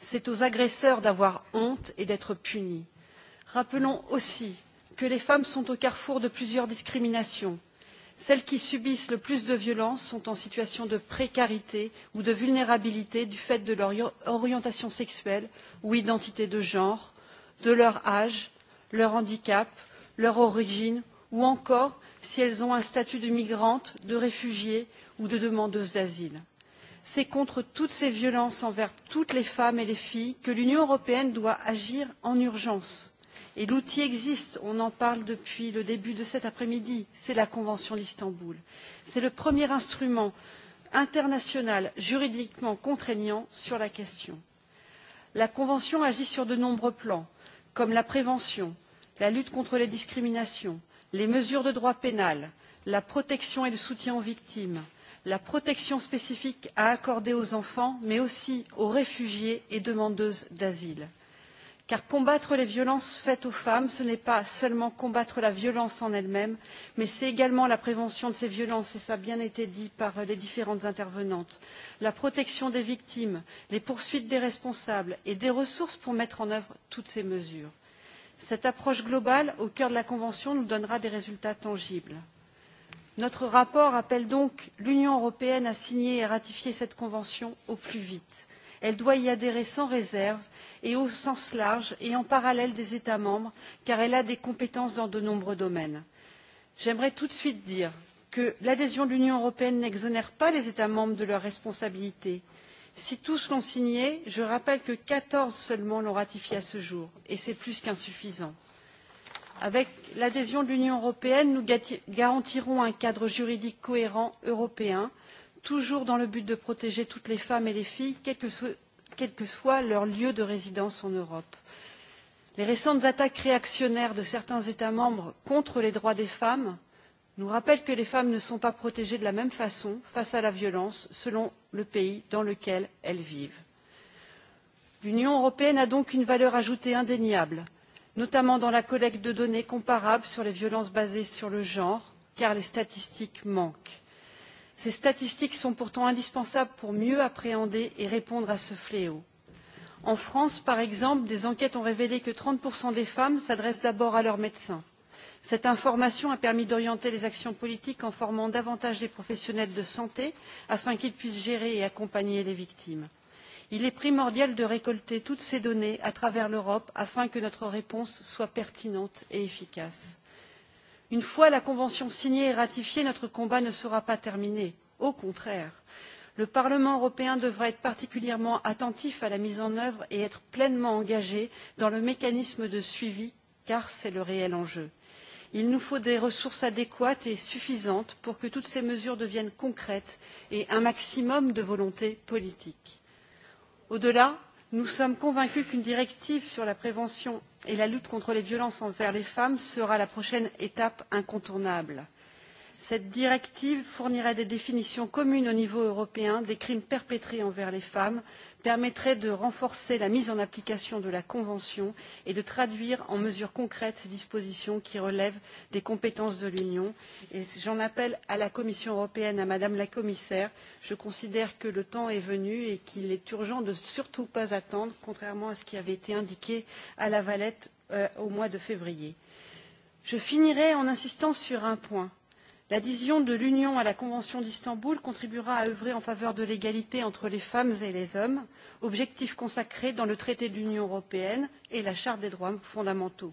c'est aux agresseurs d'avoir honte et d'être punis. rappelons aussi que les femmes sont au carrefour de plusieurs discriminations celles qui subissent le plus de violences sont en situation de précarité ou de vulnérabilité du fait de leur orientation sexuelle ou identité de genre de leur âge leur handicap leur origine ou encore si elles ont un statut de migrante de réfugiée ou de demandeuse d'asile. c'est contre toutes ces violences envers toutes les femmes et les filles que l'union européenne doit agir en urgence et l'outil existe on en parle depuis le début de cet après midi c'est la convention d'istanbul. c'est le premier instrument international juridiquement contraignant sur la question. la convention agit sur de nombreux plans comme la prévention la lutte contre les discriminations les mesures de droit pénal la protection et le soutien aux victimes la protection spécifique à accorder aux enfants mais aussi aux réfugiés et demandeuses d'asile car combattre les violences faites aux femmes ce n'est pas seulement combattre la violence en elle même mais c'est également la prévention de ces violences et cela a bien été dit par euh, les différentes intervenantes la protection des victimes les poursuites des responsables et des ressources pour mettre en œuvre toutes ces mesures. cette approche globale au cœur de la convention nous donnera des résultats tangibles. notre rapport appelle donc l'union européenne à signer et ratifier cette convention au plus vite elle doit y adhérer sans réserve et au sens large et en parallèle des états membres car elle a des compétences dans de nombreux domaines. j'aimerais tout de suite dire que l'adhésion de l'union européenne n'exonère pas les états membres de leurs responsabilités. si tous l'ont signée je rappelle que quatorze seulement l'ont ratifiée à ce jour et c'est plus qu'insuffisant. avec l'adhésion de l'union européenne nous garantirons un cadre juridique cohérent européen toujours dans le but de protéger toutes les femmes et les filles quel que, quel que soit leur lieu de résidence en europe. les récentes attaques réactionnaires de certains états membres contre les droits des femmes nous rappellent que les femmes ne sont pas protégées de la même façon face à la violence selon le pays dans lequel elles vivent. l'union européenne a donc une valeur ajoutée indéniable notamment dans la collecte de données comparables sur les violences basées sur le genre car les statistiques manquent Ces statistiques sont pourtant indispensables pour mieux appréhender et répondre à ce fléau. En France, par exemple, des enquêtes ont révélé que 30% des femmes s'adressent d'abord à leur médecin. Cette information a permis d'orienter les actions politiques en formant davantage les professionnels de santé afin qu'ils puissent gérer et accompagner les victimes. Il est primordial de récolter toutes ces données à travers l'Europe afin que notre réponse soit pertinente et efficace une fois la convention signée et ratifiée notre combat ne sera pas terminé au contraire. le parlement européen devra être particulièrement attentif à la mise en œuvre et être pleinement engagé dans le mécanisme de suivi car c'est le réel enjeu. il nous faut des ressources adéquates et suffisantes pour que toutes ces mesures deviennent concrètes et un maximum de volonté politique. au delà nous sommes convaincus qu'une directive sur la prévention et la lutte contre les violences envers les femmes sera la prochaine étape incontournable cette directive fournirait des définitions communes au niveau européen des crimes perpétrés envers les femmes permettrait de renforcer la mise en application de la convention et de traduire en mesures concrètes ces dispositions qui relèvent des compétences de l'union. j'en appelle à la commission européenne à madame la commissaire je considère que le temps est venu et qu'il est urgent de ne surtout pas attendre contrairement à ce qui avait été indiqué à la valette euh, au mois de février. je finirai en insistant sur un point l'adhésion de l'union à la convention d'istanbul contribuera à œuvrer en faveur de l'égalité entre les femmes et les hommes objectif consacré dans le traité de l'union européenne et la charte des droits fondamentaux.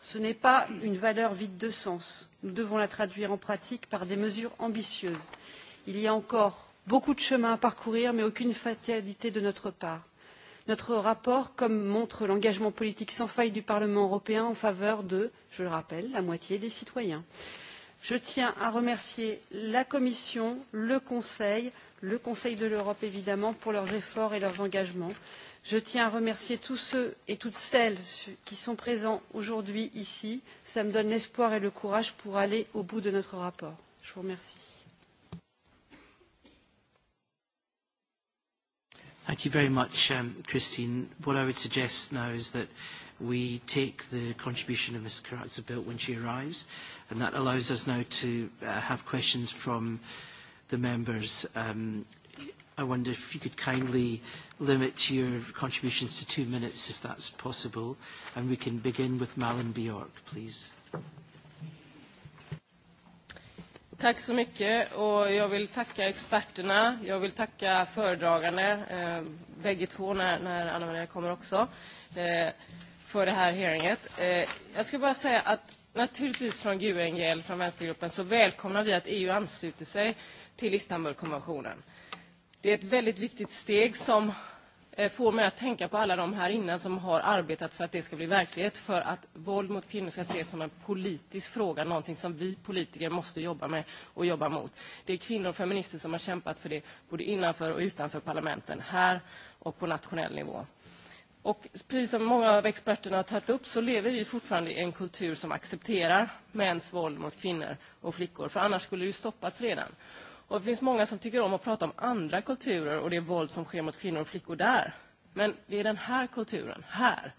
ce n'est pas une valeur vide de sens nous devons la traduire en pratique par des mesures ambitieuses. il y a encore beaucoup de chemin à parcourir mais aucune fatalité de notre part. notre rapport comme montre l'engagement politique sans faille du parlement européen en faveur de je le rappelle la moitié des citoyens je tiens à remercier la commission le conseil le conseil de l'europe évidemment pour leurs efforts et leurs engagements. je tiens à remercier tous ceux et toutes celles qui sont présents aujourd'hui ici cela me donne l'espoir et le courage pour aller au bout de notre rapport. je vous remercie. Thank you very much, um, Christine. What I would suggest now is that we take the contribution of Ms. Karatza-Bilt when she arrives, and that allows us now to uh, have questions from the members. Um, I wonder if you could kindly limit your contributions to two minutes, if that's possible, and we can begin with Malin Bjork, please. Tack så mycket och jag vill tacka experterna. Jag vill tacka föredragande, eh, bägge två när, när Anna-Maria kommer också. Eh, för det här hearinget. Eh, jag ska bara säga att naturligtvis från GUNGL, från vänstergruppen, så välkomnar vi att EU ansluter sig till Istanbulkonventionen. Det är ett väldigt viktigt steg som eh, får mig att tänka på alla de här innan som har arbetat för att det ska bli verklighet, för att våld mot kvinnor ska ses som en politisk fråga, någonting som vi politiker måste jobba med och jobba mot. Det är kvinnor och feminister som har kämpat för det, både innanför och utanför parlamenten, här och på nationell nivå. Och precis som många av experterna har tagit upp så lever vi fortfarande i en kultur som accepterar mäns våld mot kvinnor och flickor, för annars skulle det ju stoppats redan. Och det finns många som tycker om att prata om andra kulturer och det våld som sker mot kvinnor och flickor där. Men det är den här kulturen, här,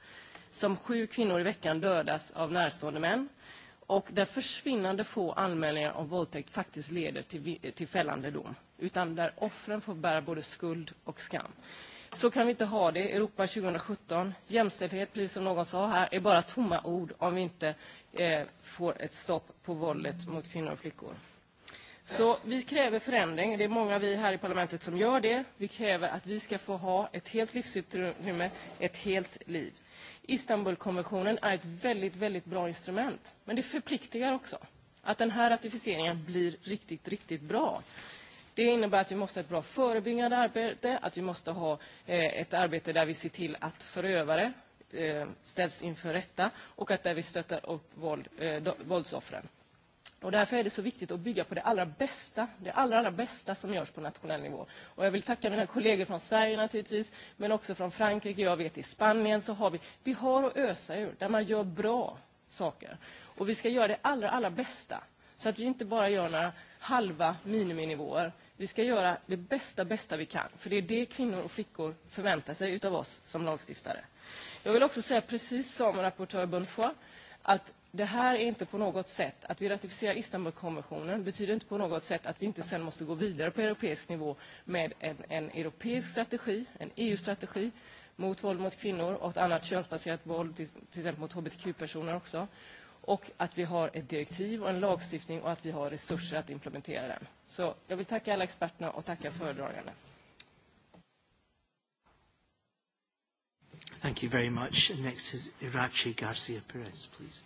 som sju kvinnor i veckan dödas av närstående män och där försvinnande få anmälningar om våldtäkt faktiskt leder till, till fällande dom, utan där offren får bära både skuld och skam. Så kan vi inte ha det. i Europa 2017, jämställdhet, precis som någon sa här, är bara tomma ord om vi inte eh, får ett stopp på våldet mot kvinnor och flickor. Så vi kräver förändring. Det är många vi här i parlamentet som gör det. Vi kräver att vi ska få ha ett helt livsutrymme, ett helt liv. Istanbulkonventionen är ett väldigt, väldigt bra instrument. Men det förpliktigar också att den här ratificeringen blir riktigt, riktigt bra. Det innebär att vi måste ha ett bra förebyggande arbete, att vi måste ha eh, ett arbete där vi ser till att förövare eh, ställs inför rätta och att där vi stöttar upp våld, eh, våldsoffren. Och därför är det så viktigt att bygga på det allra bästa, det allra, allra bästa som görs på nationell nivå. Och jag vill tacka mina kollegor från Sverige naturligtvis, men också från Frankrike. Jag vet i Spanien så har vi, vi har att ösa ur, där man gör bra saker. Och vi ska göra det allra, allra bästa. Så att vi inte bara gör några halva miniminivåer. Vi ska göra det bästa, bästa vi kan. För det är det kvinnor och flickor förväntar sig av oss som lagstiftare. Jag vill också säga, precis som rapportör Bonfoy, att det här är inte på något sätt, att vi ratificerar Istanbulkonventionen betyder inte på något sätt att vi inte sen måste gå vidare på europeisk nivå med en, en europeisk strategi, en EU-strategi mot våld mot kvinnor och ett annat könsbaserat våld, till, till exempel mot hbtq-personer också och att vi har ett direktiv och en lagstiftning och att vi har resurser att implementera den. Så jag vill tacka alla experterna och tacka föredragande. Thank you very much. Next is Irachi Garcia Perez, please.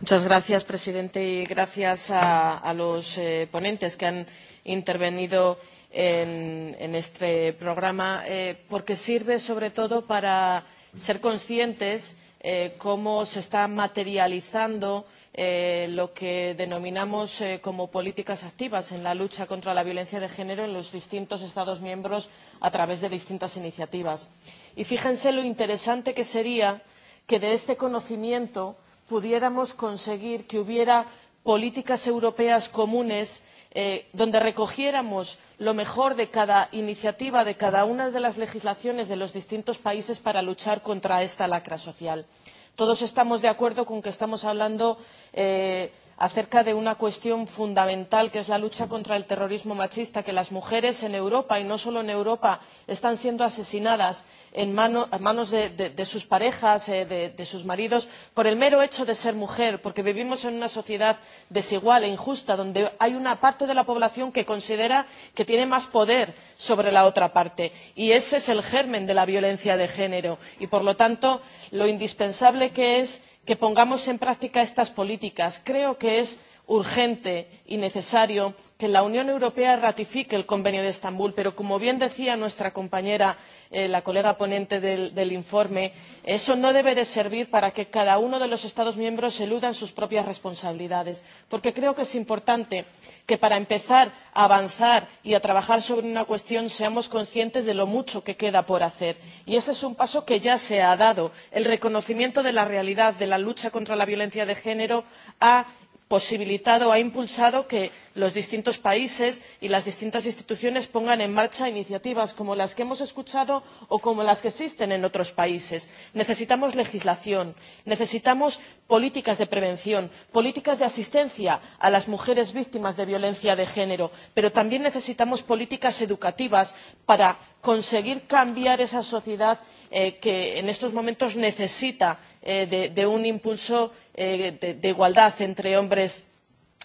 Muchas gracias, presidente, y gracias a, a los eh, ponentes que han intervenido en, en este programa, eh, porque sirve sobre todo para ser conscientes eh, cómo se está materializando eh, lo que denominamos eh, como políticas activas en la lucha contra la violencia de género en los distintos Estados miembros a través de distintas iniciativas. Y fíjense lo interesante que sería que de este conocimiento pudiéramos conseguir que hubiera políticas europeas comunes Eh, donde recogiéramos lo mejor de cada iniciativa de cada una de las legislaciones de los distintos países para luchar contra esta lacra social. todos estamos de acuerdo en que estamos hablando de eh, acerca de una cuestión fundamental que es la lucha contra el terrorismo machista que las mujeres en europa y no solo en europa están siendo asesinadas a manos de, sus parejas eh, de, de sus maridos por el mero hecho de ser mujer porque vivimos en una sociedad desigual e injusta donde hay una parte de la población que considera que tiene más poder sobre la otra parte y ese es el germen de la violencia de género y por lo tanto lo indispensable que es que pongamos en práctica estas políticas. Creo que es urgente y necesario que la unión europea ratifique el convenio de estambul pero como bien decía nuestra compañera eh, la colega ponente del informe eso no debe servir para que cada uno de los estados miembros eluda sus propias responsabilidades porque creo que es importante que para empezar a avanzar y a trabajar sobre una cuestión seamos conscientes de lo mucho que queda por hacer y ese es un paso que ya se ha dado el reconocimiento de la realidad de la lucha contra la violencia de género ha posibilitado ha impulsado que los distintos países y las distintas instituciones pongan en marcha iniciativas como las que hemos escuchado o como las que existen en otros países. necesitamos legislación necesitamos políticas de prevención políticas de asistencia a las mujeres víctimas de violencia de género pero también necesitamos políticas educativas para conseguir cambiar esa sociedad Eh, que en estos momentos necesita eh, de, un impulso eh, de, igualdad entre hombres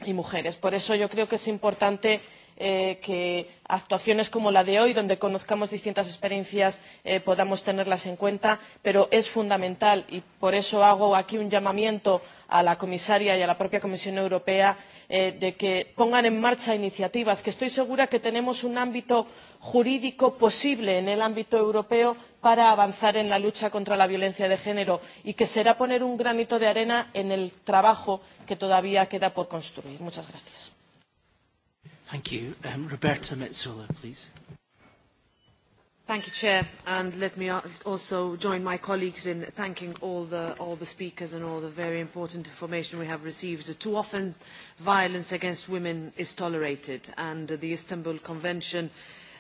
y mujeres. por eso yo creo que es importante Eh, que actuaciones como la de hoy, donde conozcamos distintas experiencias, eh, podamos tenerlas en cuenta, pero es fundamental y por eso hago aquí un llamamiento a la comisaria y a la propia Comisión Europea para eh, que pongan en marcha iniciativas, que estoy segura de que tenemos un ámbito jurídico posible en el ámbito europeo para avanzar en la lucha contra la violencia de género y que será poner un granito de arena en el trabajo que todavía queda por construir. Muchas gracias. Thank you. Um, Roberta Metsola, please. Thank you, Chair, and let me also join my colleagues in thanking all the, all the speakers and all the very important information we have received. Too often, violence against women is tolerated, and the Istanbul Convention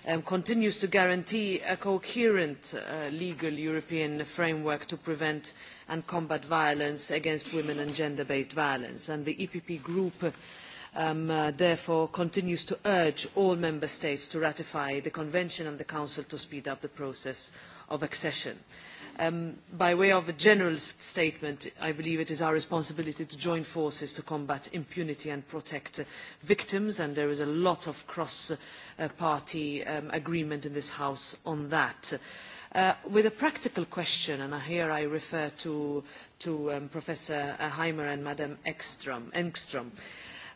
um, continues to guarantee a coherent uh, legal European framework to prevent and combat violence against women and gender-based violence. And the EPP Group uh, um, uh, therefore continues to urge all member states to ratify the convention and the council to speed up the process of accession. Um, by way of a general statement i believe it is our responsibility to join forces to combat impunity and protect uh, victims and there is a lot of cross uh, party um, agreement in this house on that. Uh, with a practical question and here i refer to, to um, professor heimer and ms engstrm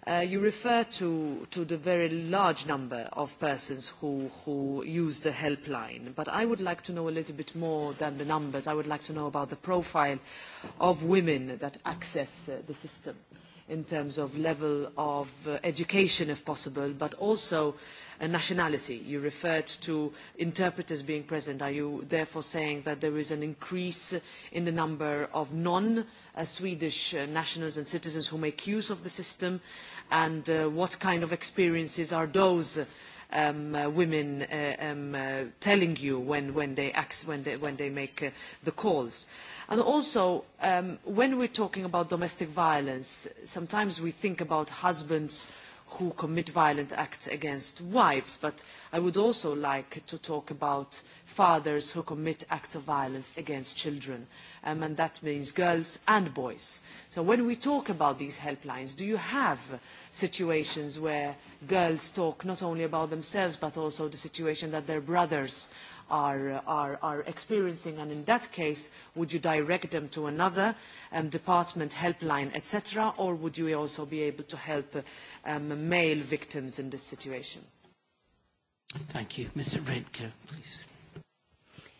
Uh, you refer to, to the very large number of persons who, who use the helpline, but I would like to know a little bit more than the numbers. I would like to know about the profile of women that access uh, the system in terms of level of uh, education, if possible, but also nationality. You referred to interpreters being present. Are you therefore saying that there is an increase in the number of non-Swedish uh, uh, nationals and citizens who make use of the system? and uh, what kind of experiences are those um, uh, women uh, um, uh, telling you when, when, they, act, when, they, when they make uh, the calls. And also, um, when we're talking about domestic violence, sometimes we think about husbands who commit violent acts against wives, but I would also like to talk about fathers who commit acts of violence against children, um, and that means girls and boys. So when we talk about these helplines, do you have situations where girls talk not only about themselves but also the situation that their brothers are, are, are experiencing and in that case would you direct them to another um, department helpline etc or would you also be able to help um, male victims in this situation? Thank you. Mr Redker, please.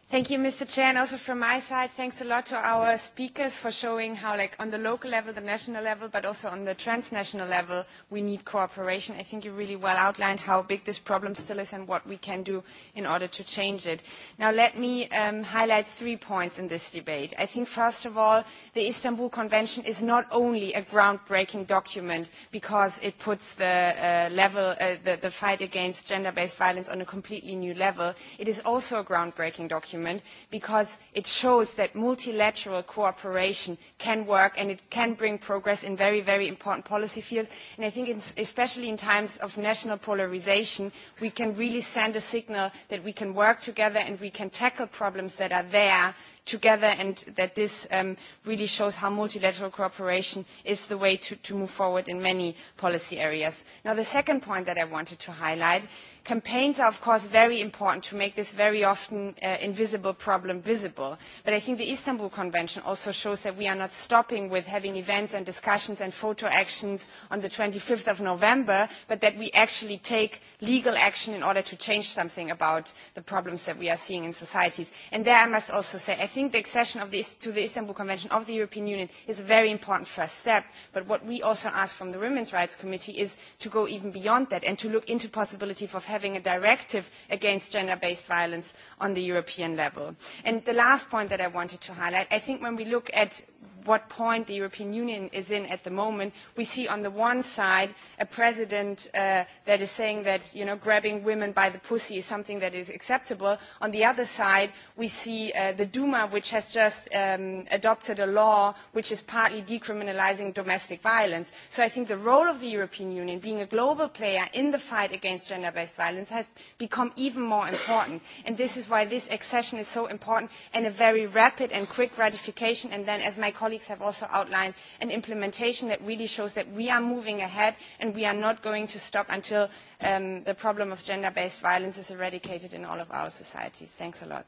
Thank you, Mr. Chair. And also from my side, thanks a lot to our speakers for showing how, like, on the local level, the national level, but also on the transnational level, we need cooperation. I think you really well outlined how big this problem still is and what we can do in order to change it. Now, let me um, highlight three points in this debate. I think, first of all, the Istanbul Convention is not only a groundbreaking document because it puts the uh, level, uh, the, the fight against gender-based violence on a completely new level, it is also a groundbreaking document document because it shows that multilateral cooperation can work and it can bring progress in very, very important policy fields. And I think it's especially in times of national polarization, we can really send a signal that we can work together and we can tackle problems that are there together and that this um, really shows how multilateral cooperation is the way to, to move forward in many policy areas. Now the second point that I wanted to highlight, campaigns are of course very important to make this very often uh, invisible problem visible. But I think the Istanbul Convention also shows that we are not stopping with having events and discussions and photo actions on the 25th of November, but that we actually take legal action in order to change something about the problems that we are seeing in societies. And there I must also say, I think the accession of this, to the Istanbul Convention of the European Union is a very important first step, but what we also ask from the Women's Rights Committee is to go even beyond that and to look into possibility of having a directive against gender-based violence on the European level. And the last point that I wanted to highlight, I think when we look at what point the European Union is in at the moment. We see on the one side a president uh, that is saying that you know, grabbing women by the pussy is something that is acceptable. On the other side, we see uh, the Duma, which has just um, adopted a law which is partly decriminalizing domestic violence. So I think the role of the European Union, being a global player in the fight against gender-based violence, has become even more important. And this is why this accession is so important and a very rapid and quick ratification. And then, as my colleague colleagues have also outlined, an implementation that really shows that we are moving ahead and we are not going to stop until um, the problem of gender-based violence is eradicated in all of our societies. Thanks a lot.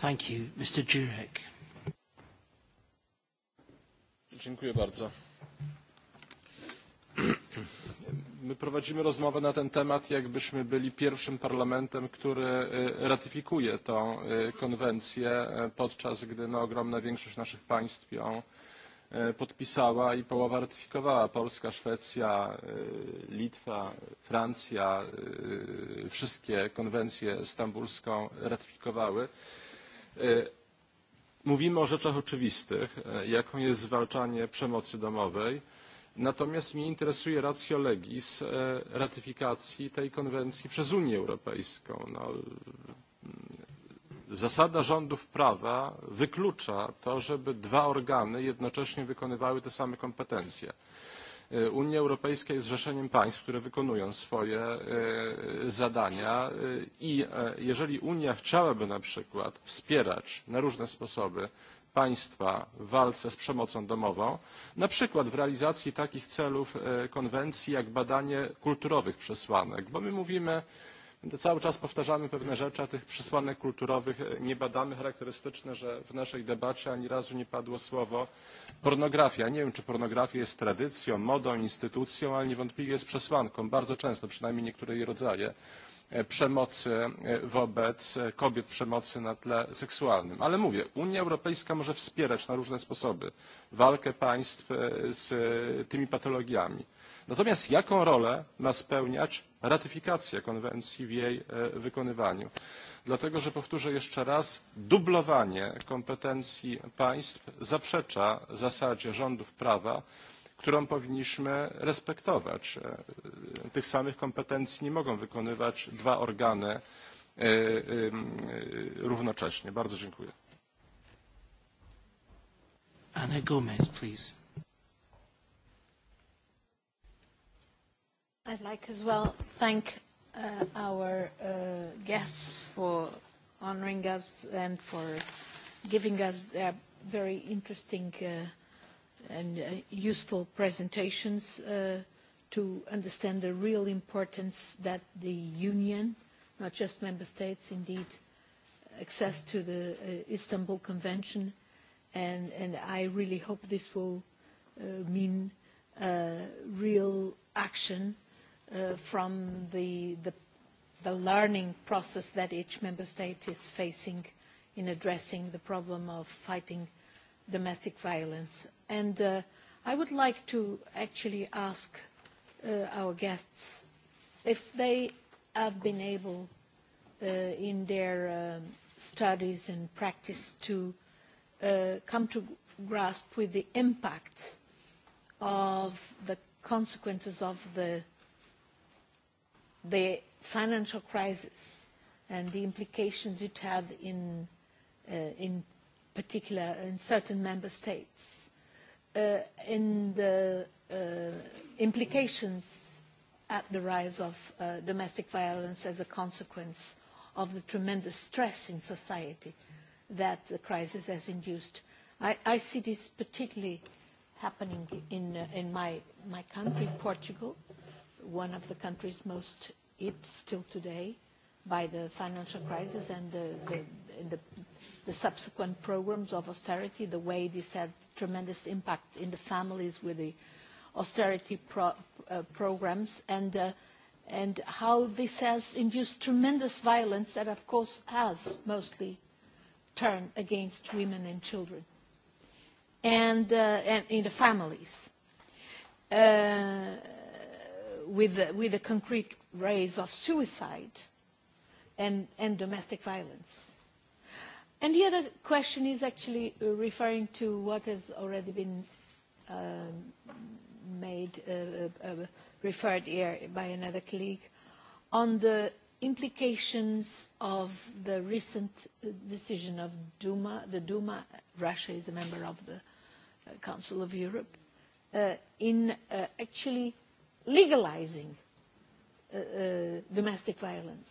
Thank you. Mr. Jurek. Dziękuję bardzo. My prowadzimy rozmowę na ten temat, jakbyśmy byli pierwszym parlamentem, który ratyfikuje tę konwencję, podczas gdy no, ogromna większość naszych państw ją podpisała i połowa ratyfikowała. Polska, Szwecja, Litwa, Francja, wszystkie konwencję stambulską ratyfikowały. Mówimy o rzeczach oczywistych, jaką jest zwalczanie przemocy domowej Natomiast mnie interesuje ratio legis e, ratyfikacji tej konwencji przez Unię Europejską. No, e, zasada rządów prawa wyklucza to, żeby dwa organy jednocześnie wykonywały te same kompetencje. E, Unia Europejska jest zrzeszeniem państw, które wykonują swoje zadania i jeżeli Unia chciałaby na przykład wspierać na różne sposoby państwa w walce z przemocą domową, na przykład w realizacji takich celów e, konwencji jak badanie kulturowych przesłanek, bo my mówimy, cały czas powtarzamy pewne rzeczy, a tych przesłanek kulturowych e, nie badamy. Charakterystyczne, że w naszej debacie ani razu nie padło słowo pornografia. Nie wiem, czy pornografia jest tradycją, modą, instytucją, ale niewątpliwie jest przesłanką, bardzo często, przynajmniej niektóre jej rodzaje E, przemocy e, wobec e, kobiet, przemocy na tle seksualnym. Ale mówię, Unia Europejska może wspierać na różne sposoby walkę państw z tymi patologiami. Natomiast jaką rolę ma spełniać ratyfikacja konwencji w jej wykonywaniu? Dlatego, że powtórzę jeszcze raz, dublowanie kompetencji państw zaprzecza zasadzie rządów prawa, którą powinniśmy respektować tych samych kompetencji nie mogą wykonywać dwa organy e, e, e, równocześnie. Bardzo dziękuję. Gomez, please. I'd like as well thank uh, our uh, guests for honoring us and for giving us their very interesting uh, and uh, useful presentations. Uh, to understand the real importance that the Union, not just Member States, indeed, access to the uh, Istanbul Convention, and, and I really hope this will uh, mean uh, real action uh, from the, the, the learning process that each Member State is facing in addressing the problem of fighting domestic violence. And uh, I would like to actually ask uh, Uh, our guests if they have been able uh, in their um, studies and practice to uh, come to grasp with the impact of the consequences of the, the financial crisis and the implications it had in, uh, in particular in certain member states. Uh, in the implications at the rise of uh, domestic violence as a consequence of the tremendous stress in society that the crisis has induced. I, I see this particularly happening in, uh, in my, my country, Portugal, one of the countries most hit still today by the financial crisis and the, the, and the, the subsequent programs of austerity, the way this had tremendous impact in the families with the austerity pro uh, programs and, uh, and how this has induced tremendous violence that, of course, has mostly turned against women and children and, uh, and in the families. Uh, with, the, with a concrete rise of suicide and, and domestic violence. And the other question is actually uh, referring to what has already been um, made, uh, uh, uh, referred here by another colleague, on the implications of the recent uh, decision of Duma, the Duma, Russia is a member of the uh, Council of Europe, uh, in uh, actually legalizing uh, uh, domestic violence.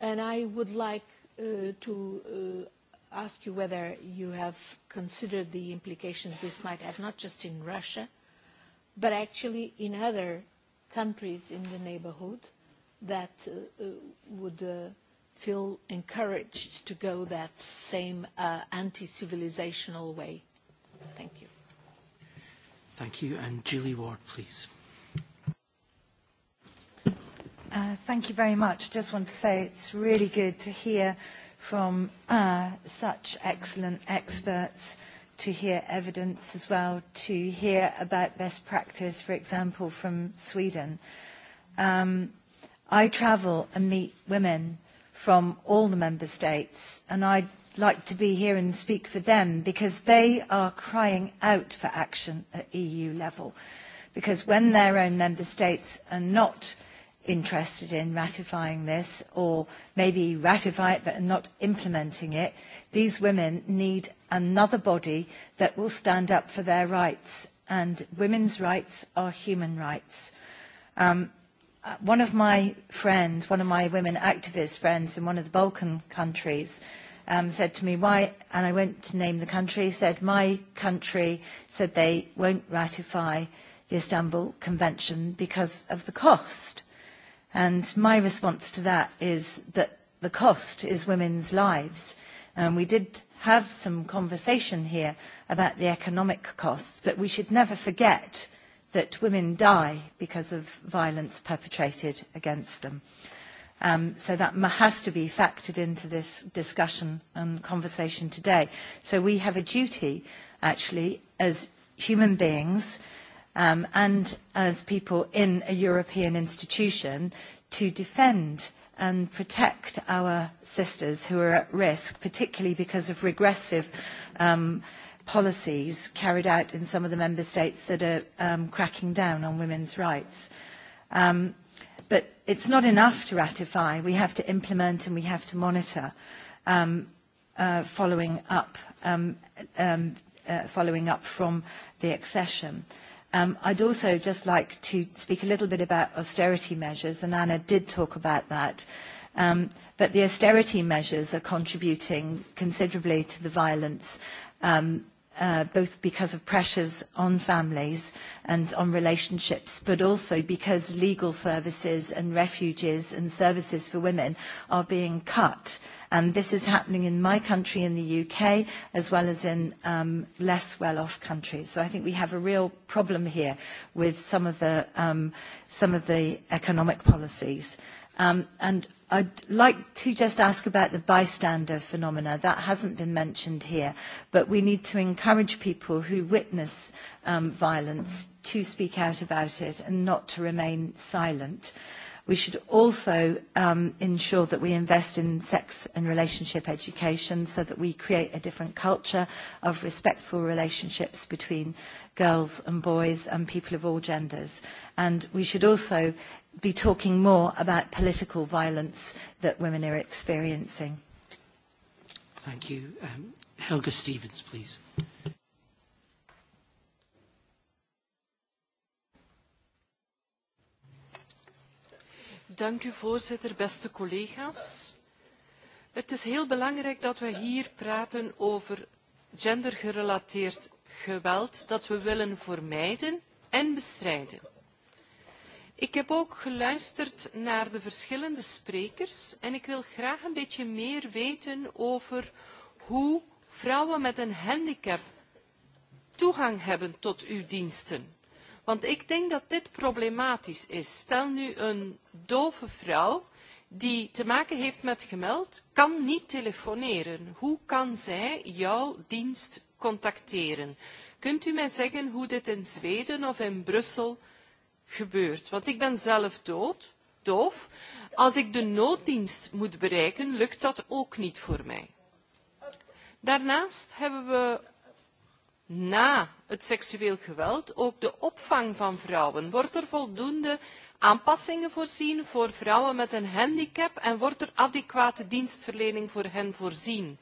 And I would like uh, to uh, ask you whether you have considered the implications this might have, not just in Russia, uh, but actually in other countries in the neighborhood that uh, uh, would uh, feel encouraged to go that same uh, anti-civilizational way. Thank you. Thank you. And Julie Ward, please. Uh, thank you very much. Just want to say it's really good to hear from uh, such excellent experts to hear evidence as well, to hear about best practice, for example, from Sweden. Um, I travel and meet women from all the member states, and I'd like to be here and speak for them because they are crying out for action at EU level. Because when their own member states are not interested in ratifying this or maybe ratify it but not implementing it, these women need another body that will stand up for their rights. And women's rights are human rights. Um, uh, one of my friends, one of my women activist friends in one of the Balkan countries, um, said to me, why, and I went to name the country, said, my country said they won't ratify the Istanbul Convention because of the cost. And my response to that is that the cost is women's lives. And we did have some conversation here about the economic costs, but we should never forget that women die because of violence perpetrated against them. Um, so that has to be factored into this discussion and conversation today. So we have a duty, actually, as human beings um, and as people in a European institution to defend and protect our sisters who are at risk, particularly because of regressive um, policies carried out in some of the member states that are um, cracking down on women's rights. Um, but it's not enough to ratify. We have to implement and we have to monitor um, uh, following up um, um, uh, following up from the accession. Um, I'd also just like to speak a little bit about austerity measures, and Anna did talk about that. Um, but the austerity measures are contributing considerably to the violence, um, uh, both because of pressures on families and on relationships, but also because legal services and refuges and services for women are being cut. And this is happening in my country, in the UK, as well as in um, less well-off countries. So I think we have a real problem here with some of the, um, some of the economic policies. Um, and I'd like to just ask about the bystander phenomena. That hasn't been mentioned here, but we need to encourage people who witness um, violence to speak out about it and not to remain silent. We should also um, ensure that we invest in sex and relationship education so that we create a different culture of respectful relationships between girls and boys and people of all genders. And we should also be talking more about political violence that women are experiencing. Thank you. Um, Helga Stevens, please. Dank u voorzitter, beste collega's. Het is heel belangrijk dat we hier praten over gendergerelateerd geweld dat we willen vermijden en bestrijden. Ik heb ook geluisterd naar de verschillende sprekers en ik wil graag een beetje meer weten over hoe vrouwen met een handicap toegang hebben tot uw diensten. Want ik denk dat dit problematisch is. Stel nu een dove vrouw die te maken heeft met gemeld, kan niet telefoneren. Hoe kan zij jouw dienst contacteren? Kunt u mij zeggen hoe dit in Zweden of in Brussel gebeurt? Want ik ben zelf dood, doof. Als ik de nooddienst moet bereiken, lukt dat ook niet voor mij. Daarnaast hebben we na het seksueel geweld, ook de opvang van vrouwen. Wordt er voldoende aanpassingen voorzien voor vrouwen met een handicap en wordt er adequate dienstverlening voor hen voorzien?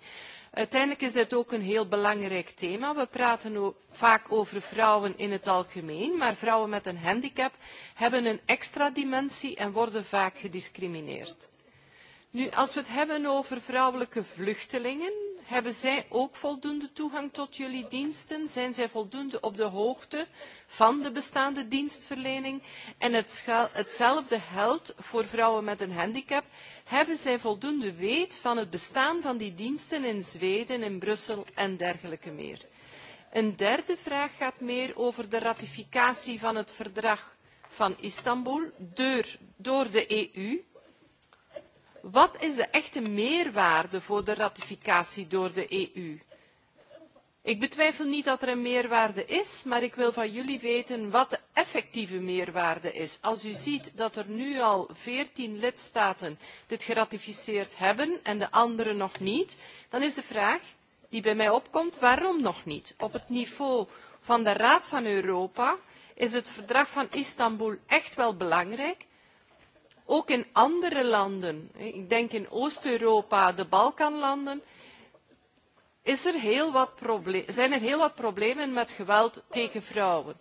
Uiteindelijk is dit ook een heel belangrijk thema. We praten vaak over vrouwen in het algemeen, maar vrouwen met een handicap hebben een extra dimensie en worden vaak gediscrimineerd. Nu, als we het hebben over vrouwelijke vluchtelingen, hebben zij ook voldoende toegang tot jullie diensten? Zijn zij voldoende op de hoogte van de bestaande dienstverlening? En het, hetzelfde geldt voor vrouwen met een handicap. Hebben zij voldoende weet van het bestaan van die diensten in Zweden, in Brussel en dergelijke meer? Een derde vraag gaat meer over de ratificatie van het verdrag van Istanbul door, door de EU Wat is de echte meerwaarde voor de ratificatie door de EU? Ik betwijfel niet dat er een meerwaarde is, maar ik wil van jullie weten wat de effectieve meerwaarde is. Als u ziet dat er nu al veertien lidstaten dit geratificeerd hebben en de anderen nog niet, dan is de vraag die bij mij opkomt, waarom nog niet? Op het niveau van de Raad van Europa is het verdrag van Istanbul echt wel belangrijk, ook in andere landen, ik denk in Oost-Europa, de Balkanlanden, is er heel wat zijn er heel wat problemen met geweld tegen vrouwen.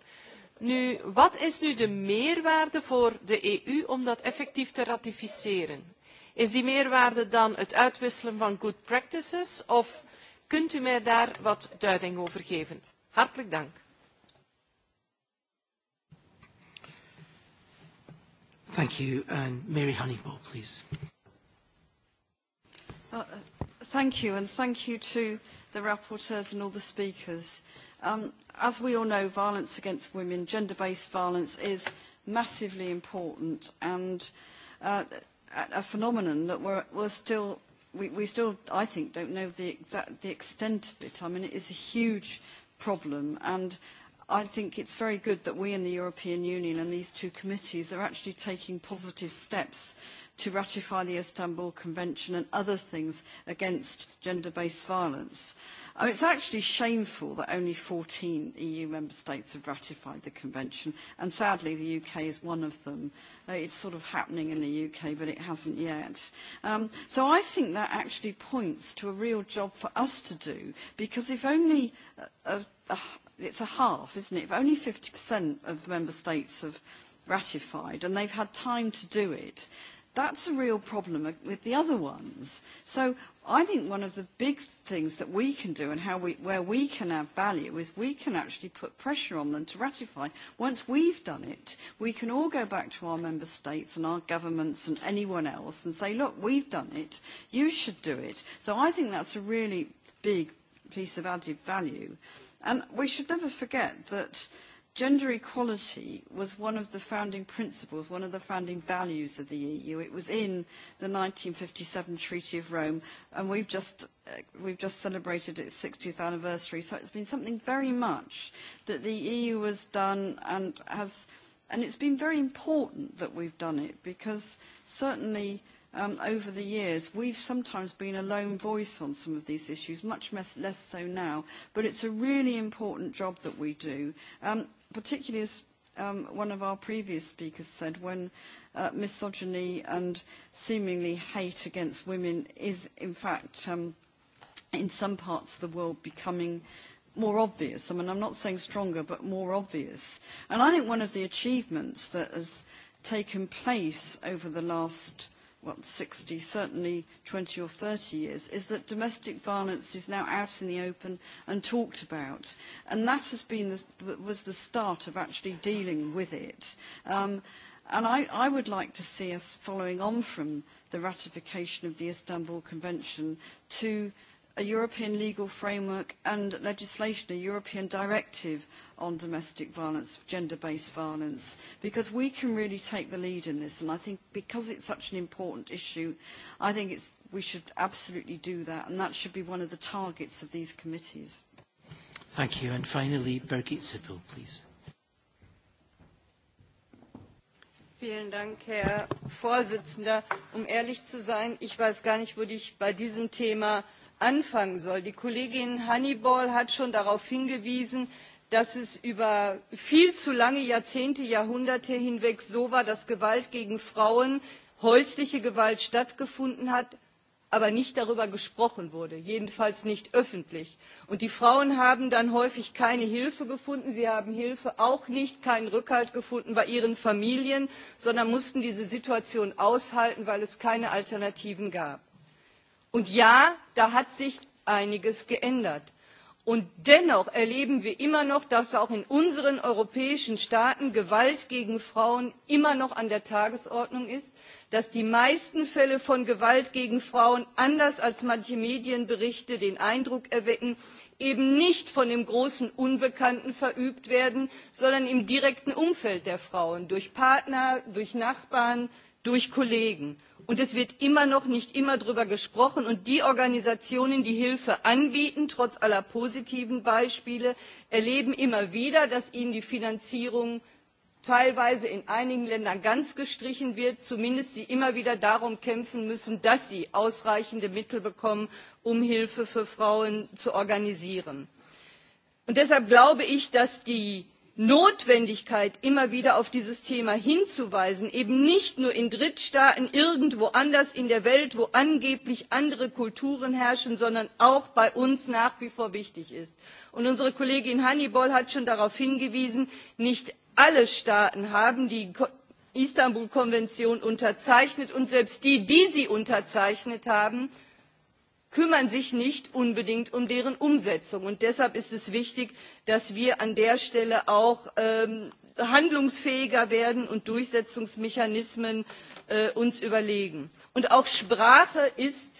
Nu, wat is nu de meerwaarde voor de EU om dat effectief te ratificeren? Is die meerwaarde dan het uitwisselen van good practices of kunt u mij daar wat duiding over geven? Hartelijk dank. Thank you. And Mary Honeywell, please. Uh, thank you, and thank you to the rapporteurs and all the speakers. Um, as we all know, violence against women, gender-based violence, is massively important and uh, a phenomenon that we're, we're still, we, we still, I think, don't know the, exact, the extent of it. I mean, it is a huge problem, and I think it's very good that we in the European Union and these two committees are actually taking positive steps to ratify the Istanbul Convention and other things against gender-based violence. I oh, mean, it's actually shameful that only 14 EU member states have ratified the convention, and sadly the UK is one of them. Uh, it's sort of happening in the UK, but it hasn't yet. Um, so I think that actually points to a real job for us to do, because if only a, a, a it's a half, isn't it? If only 50% of member states have ratified and they've had time to do it, that's a real problem with the other ones. So I think one of the big things that we can do and how we, where we can add value is we can actually put pressure on them to ratify. Once we've done it, we can all go back to our member states and our governments and anyone else and say, look, we've done it, you should do it. So I think that's a really big piece of added value. And we should never forget that gender equality was one of the founding principles, one of the founding values of the EU. It was in the 1957 Treaty of Rome, and we've just, uh, we've just celebrated its 60th anniversary. So it's been something very much that the EU has done and has, and it's been very important that we've done it because certainly um, over the years, we've sometimes been a lone voice on some of these issues, much less, less so now, but it's a really important job that we do, um, particularly as um, one of our previous speakers said, when uh, misogyny and seemingly hate against women is, in fact, um, in some parts of the world becoming more obvious. I mean, I'm not saying stronger, but more obvious. And I think one of the achievements that has taken place over the last well, 60, certainly 20 or 30 years, is that domestic violence is now out in the open and talked about. And that has been the, was the start of actually dealing with it. Um, and I, I would like to see us following on from the ratification of the Istanbul Convention to a European legal framework and legislation, a European directive on domestic violence, gender-based violence, because we can really take the lead in this. And I think because it's such an important issue, I think it's, we should absolutely do that, and that should be one of the targets of these committees. Thank you. And finally, Birgit Sippel, please. Vielen Dank, Herr Vorsitzender. Um ehrlich zu sein, ich weiß gar nicht, wo ich bei diesem Thema anfangen soll. die kollegin honeyball hat schon darauf hingewiesen dass es über viel zu lange jahrzehnte jahrhunderte hinweg so war dass gewalt gegen frauen häusliche gewalt stattgefunden hat aber nicht darüber gesprochen wurde jedenfalls nicht öffentlich. und die frauen haben dann häufig keine hilfe gefunden sie haben hilfe auch nicht keinen rückhalt gefunden bei ihren familien sondern mussten diese situation aushalten weil es keine alternativen gab. Und ja, da hat sich einiges geändert. Und dennoch erleben wir immer noch, dass auch in unseren europäischen Staaten Gewalt gegen Frauen immer noch an der Tagesordnung ist, dass die meisten Fälle von Gewalt gegen Frauen, anders als manche Medienberichte den Eindruck erwecken, eben nicht von dem großen Unbekannten verübt werden, sondern im direkten Umfeld der Frauen, durch Partner, durch Nachbarn, durch Kollegen und es wird immer noch nicht immer darüber gesprochen und die organisationen die hilfe anbieten trotz aller positiven beispiele erleben immer wieder dass ihnen die finanzierung teilweise in einigen ländern ganz gestrichen wird zumindest sie immer wieder darum kämpfen müssen dass sie ausreichende mittel bekommen um hilfe für frauen zu organisieren. deshalb glaube ich dass die notwendigkeit immer wieder auf dieses thema hinzuweisen eben nicht nur in drittstaaten irgendwo anders in der welt wo angeblich andere kulturen herrschen sondern auch bei uns nach wie vor wichtig ist. Und unsere kollegin honeyball hat schon darauf hingewiesen nicht alle staaten haben die istanbul konvention unterzeichnet und selbst die die sie unterzeichnet haben kümmern sich nicht unbedingt um deren umsetzung. Und deshalb ist es wichtig dass wir an der stelle auch ähm, handlungsfähiger werden und äh, uns durchsetzungsmechanismen überlegen. und auch sprache ist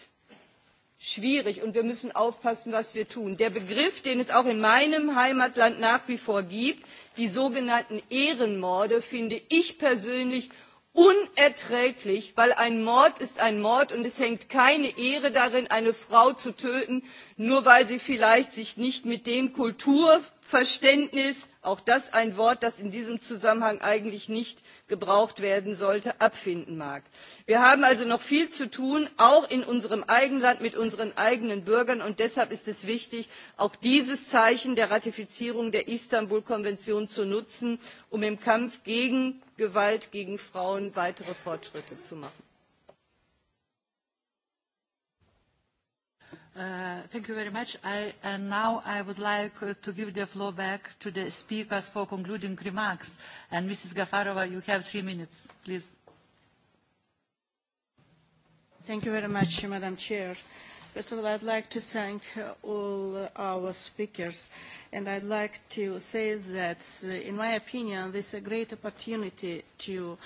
schwierig und wir müssen aufpassen was wir tun. der begriff den es auch in meinem heimatland nach wie vor gibt die sogenannten ehrenmorde finde ich persönlich unerträglich weil ein mord ist ein mord und es hängt keine ehre darin eine frau zu töten nur weil sie sich vielleicht nicht mit dem kulturverständnis auch das ein wort das in diesem zusammenhang eigentlich nicht gebraucht werden sollte abfinden mag. wir haben also noch viel zu tun auch in unserem eigenen land mit unseren eigenen bürgern und deshalb ist es wichtig auch dieses zeichen der ratifizierung der istanbul konvention zu nutzen um im kampf gegen gewalt gegen frauen weitere fortschritte zu machen. Uh, thank you very much. and now I would like uh, to give the floor back to the speakers for concluding remarks. And Mrs. Gafarova, you have three minutes, please. Thank you very much, Madam Chair. First of all, I'd like to thank uh, all our speakers, and I'd like to say that, in my opinion, this is a great opportunity to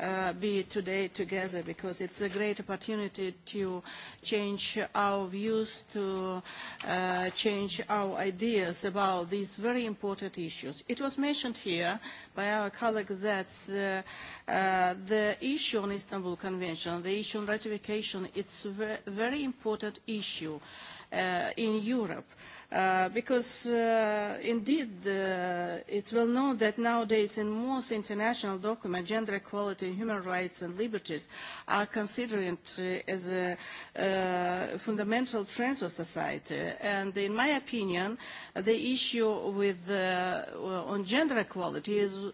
uh, be today together because it's a great opportunity to change our views, to uh, change our ideas about these very important issues. It was mentioned here by our colleague that uh, uh, the issue on Istanbul Convention, the issue on ratification, it's a very important issue uh, in Europe. Uh, Uh, because uh, indeed uh, it's well known that nowadays in most international documents gender equality human rights and liberties are considered uh, as a uh, fundamental trends of society and in my opinion the issue with uh, uh on gender equality is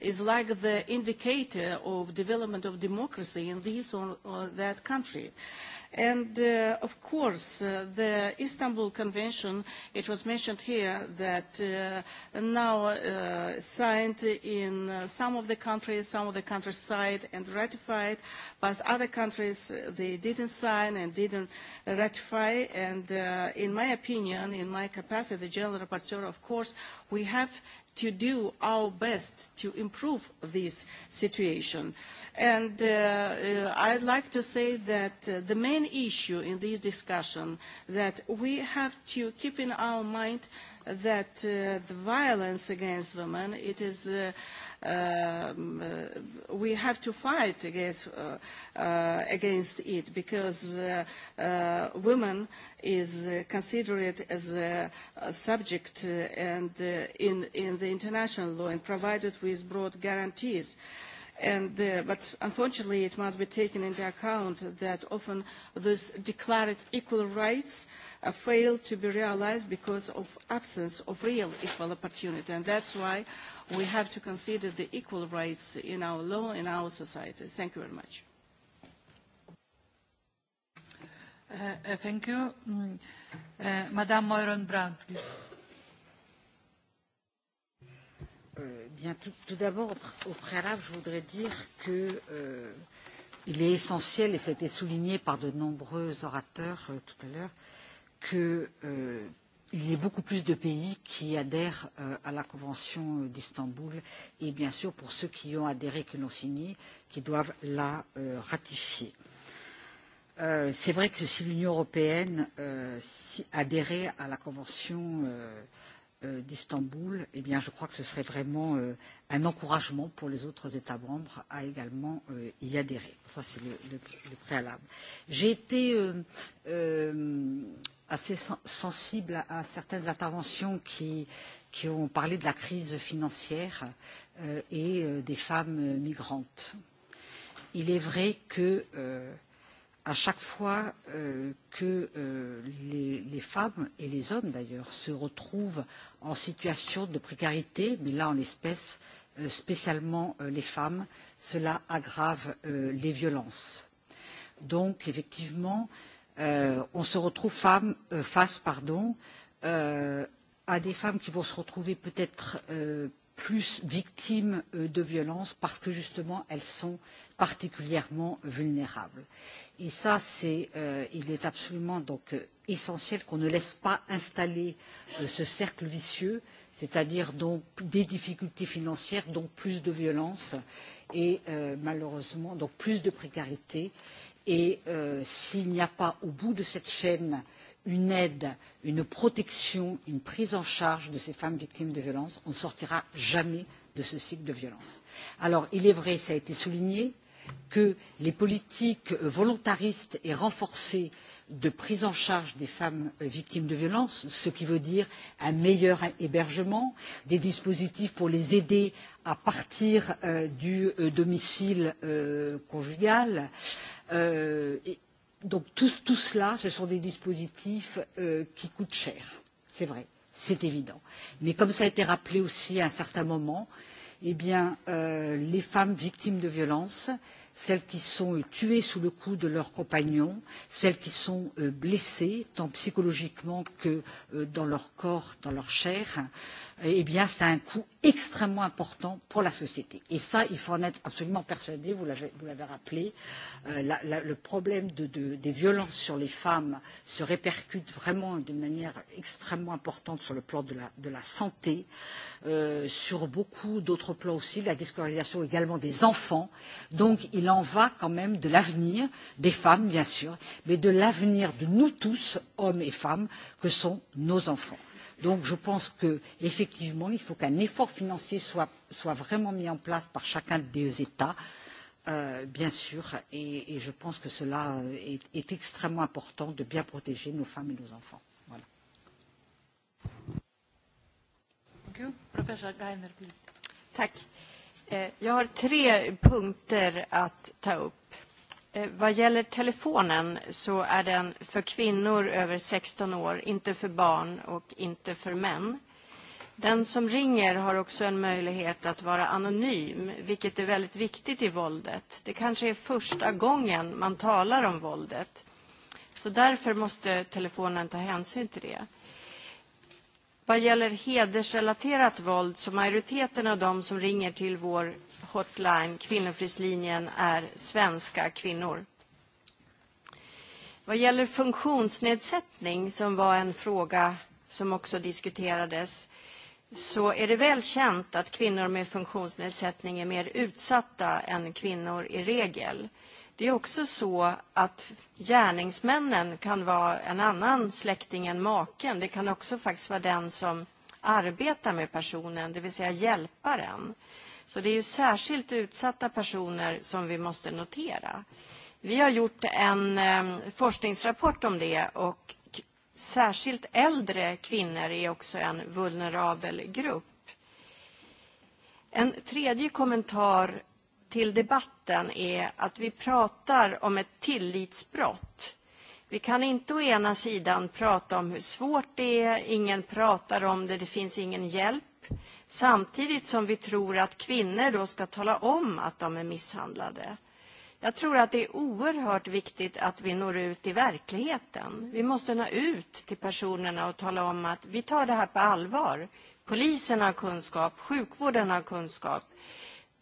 is like the indicator of development of democracy in this or, or that country uh, And uh, of course, uh, the Istanbul Convention, it was mentioned here that uh, now uh, signed in uh, some of the countries, some of the countries signed and ratified, but other countries, uh, they didn't sign and didn't ratify. And uh, in my opinion, in my capacity, the General Rapporteur, of course, we have to do our best to improve this situation. And uh, uh, I'd like to say that uh, the main issue in this discussion that we have to keep in our mind that uh, the violence against women, it is uh, um, uh, we have to fight against, uh, uh, against it because uh, uh, women is uh, considered as a, a subject uh, and uh, in, in the international law and provided with broad guarantees. And, uh, but unfortunately, it must be taken into account that often this declared equal rights uh, uh, failed to be realized because of absence of real equal opportunity. And that's why we have to consider the equal rights in our law, in our society. Thank you very much. Uh, uh, thank you. Mm. Uh, Madame Moiron-Brown, please. Euh, bien, tout, tout d'abord, au préalable, je voudrais dire qu'il euh, est essentiel, et ça a été souligné par de nombreux orateurs euh, tout à l'heure, euh, qu'il euh, y ait beaucoup plus de pays qui adhèrent euh, à la Convention d'Istanbul et bien sûr pour ceux qui y ont adhéré, qui l'ont signée, qui doivent la euh, ratifier. Euh, C'est vrai que si l'Union européenne euh, si, adhérait à la Convention euh, euh, d'Istanbul, eh bien, je crois que ce serait vraiment euh, un encouragement pour les autres États membres à également euh, y adhérer. Ça, c'est le, le, le préalable. J'ai été euh, euh, assez sensible à certaines interventions qui, qui ont parlé de la crise financière euh, et euh, des femmes migrantes. Il est vrai que euh, à chaque fois euh, que euh, les, les femmes et les hommes d'ailleurs se retrouvent en situation de précarité, mais là en l'espèce euh, spécialement euh, les femmes, cela aggrave euh, les violences. Donc effectivement, euh, euh, on se retrouve femme, euh, face pardon, euh, à des femmes qui vont se retrouver peut-être euh, plus victimes euh, de violences parce que justement elles sont particulièrement vulnérables. Et ça, c'est, euh, il est absolument donc euh, essentiel qu'on ne laisse pas installer euh, ce cercle vicieux, c'est-à-dire donc des difficultés financières, donc plus de violence et euh, malheureusement donc plus de précarité et euh, s'il n'y a pas au bout de cette chaîne une aide, une protection, une prise en charge de ces femmes victimes de violences, on ne sortira jamais de ce cycle de violence. Alors, il est vrai, ça a été souligné, que les politiques volontaristes et renforcées de prise en charge des femmes euh, victimes de violences, ce qui veut dire un meilleur hébergement, des dispositifs pour les aider à partir euh, du euh, domicile euh, conjugal, euh, Euh, donc tout, tout cela, ce sont des dispositifs euh, qui coûtent cher, c'est vrai, c'est évident. Mais comme ça a été rappelé aussi à un certain moment, eh bien, euh, les femmes victimes de violences, celles qui sont euh, tuées sous le coup de leurs compagnons, celles qui sont euh, blessées tant psychologiquement que dans leur corps, dans leur chair, Eh, eh bien, ça a un coût extrêmement important pour la société. Et ça, il faut en être absolument persuadé, vous l'avez rappelé, euh, la, la, le problème de, de, des violences sur les femmes se répercute vraiment de manière extrêmement importante sur le plan de la, de la santé, euh, sur beaucoup d'autres plans aussi, la déscolarisation également des enfants. Donc il en va quand même de l'avenir des femmes, bien sûr, mais de l'avenir de nous tous, hommes et femmes, que sont nos enfants donc je pense qu'effectivement il faut qu'un effort financier soit, soit vraiment mis en place par chacun des états euh, bien sûr et, et je pense que cela euh, est, est extrêmement important de bien protéger nos femmes et nos enfants. Voilà. Professor Geiner, please. Tack. Eh, jag har tre punkter att ta upp. Eh, vad gäller telefonen så är den för kvinnor över 16 år, inte för barn och inte för män. Den som ringer har också en möjlighet att vara anonym, vilket är väldigt viktigt i våldet. Det kanske är första gången man talar om våldet. Så därför måste telefonen ta hänsyn till det. Vad gäller hedersrelaterat våld så majoriteten av de som ringer till vår hotline kvinnofrislinjen, är svenska kvinnor. Vad gäller funktionsnedsättning, som var en fråga som också diskuterades, så är det väl känt att kvinnor med funktionsnedsättning är mer utsatta än kvinnor i regel. Det är också så att gärningsmännen kan vara en annan släkting än maken. Det kan också faktiskt vara den som arbetar med personen, det vill säga hjälparen. Så det är ju särskilt utsatta personer som vi måste notera. Vi har gjort en ehm, forskningsrapport om det och särskilt äldre kvinnor är också en vulnerabel grupp. En tredje kommentar till debatten debatten är att vi pratar om ett tillitsbrott. Vi kan inte å ena sidan prata om hur svårt det är, ingen pratar om det, det finns ingen hjälp. Samtidigt som vi tror att kvinnor då ska tala om att de är misshandlade. Jag tror att det är oerhört viktigt att vi når ut i verkligheten. Vi måste nå ut till personerna och tala om att vi tar det här på allvar. Polisen har kunskap, sjukvården har kunskap.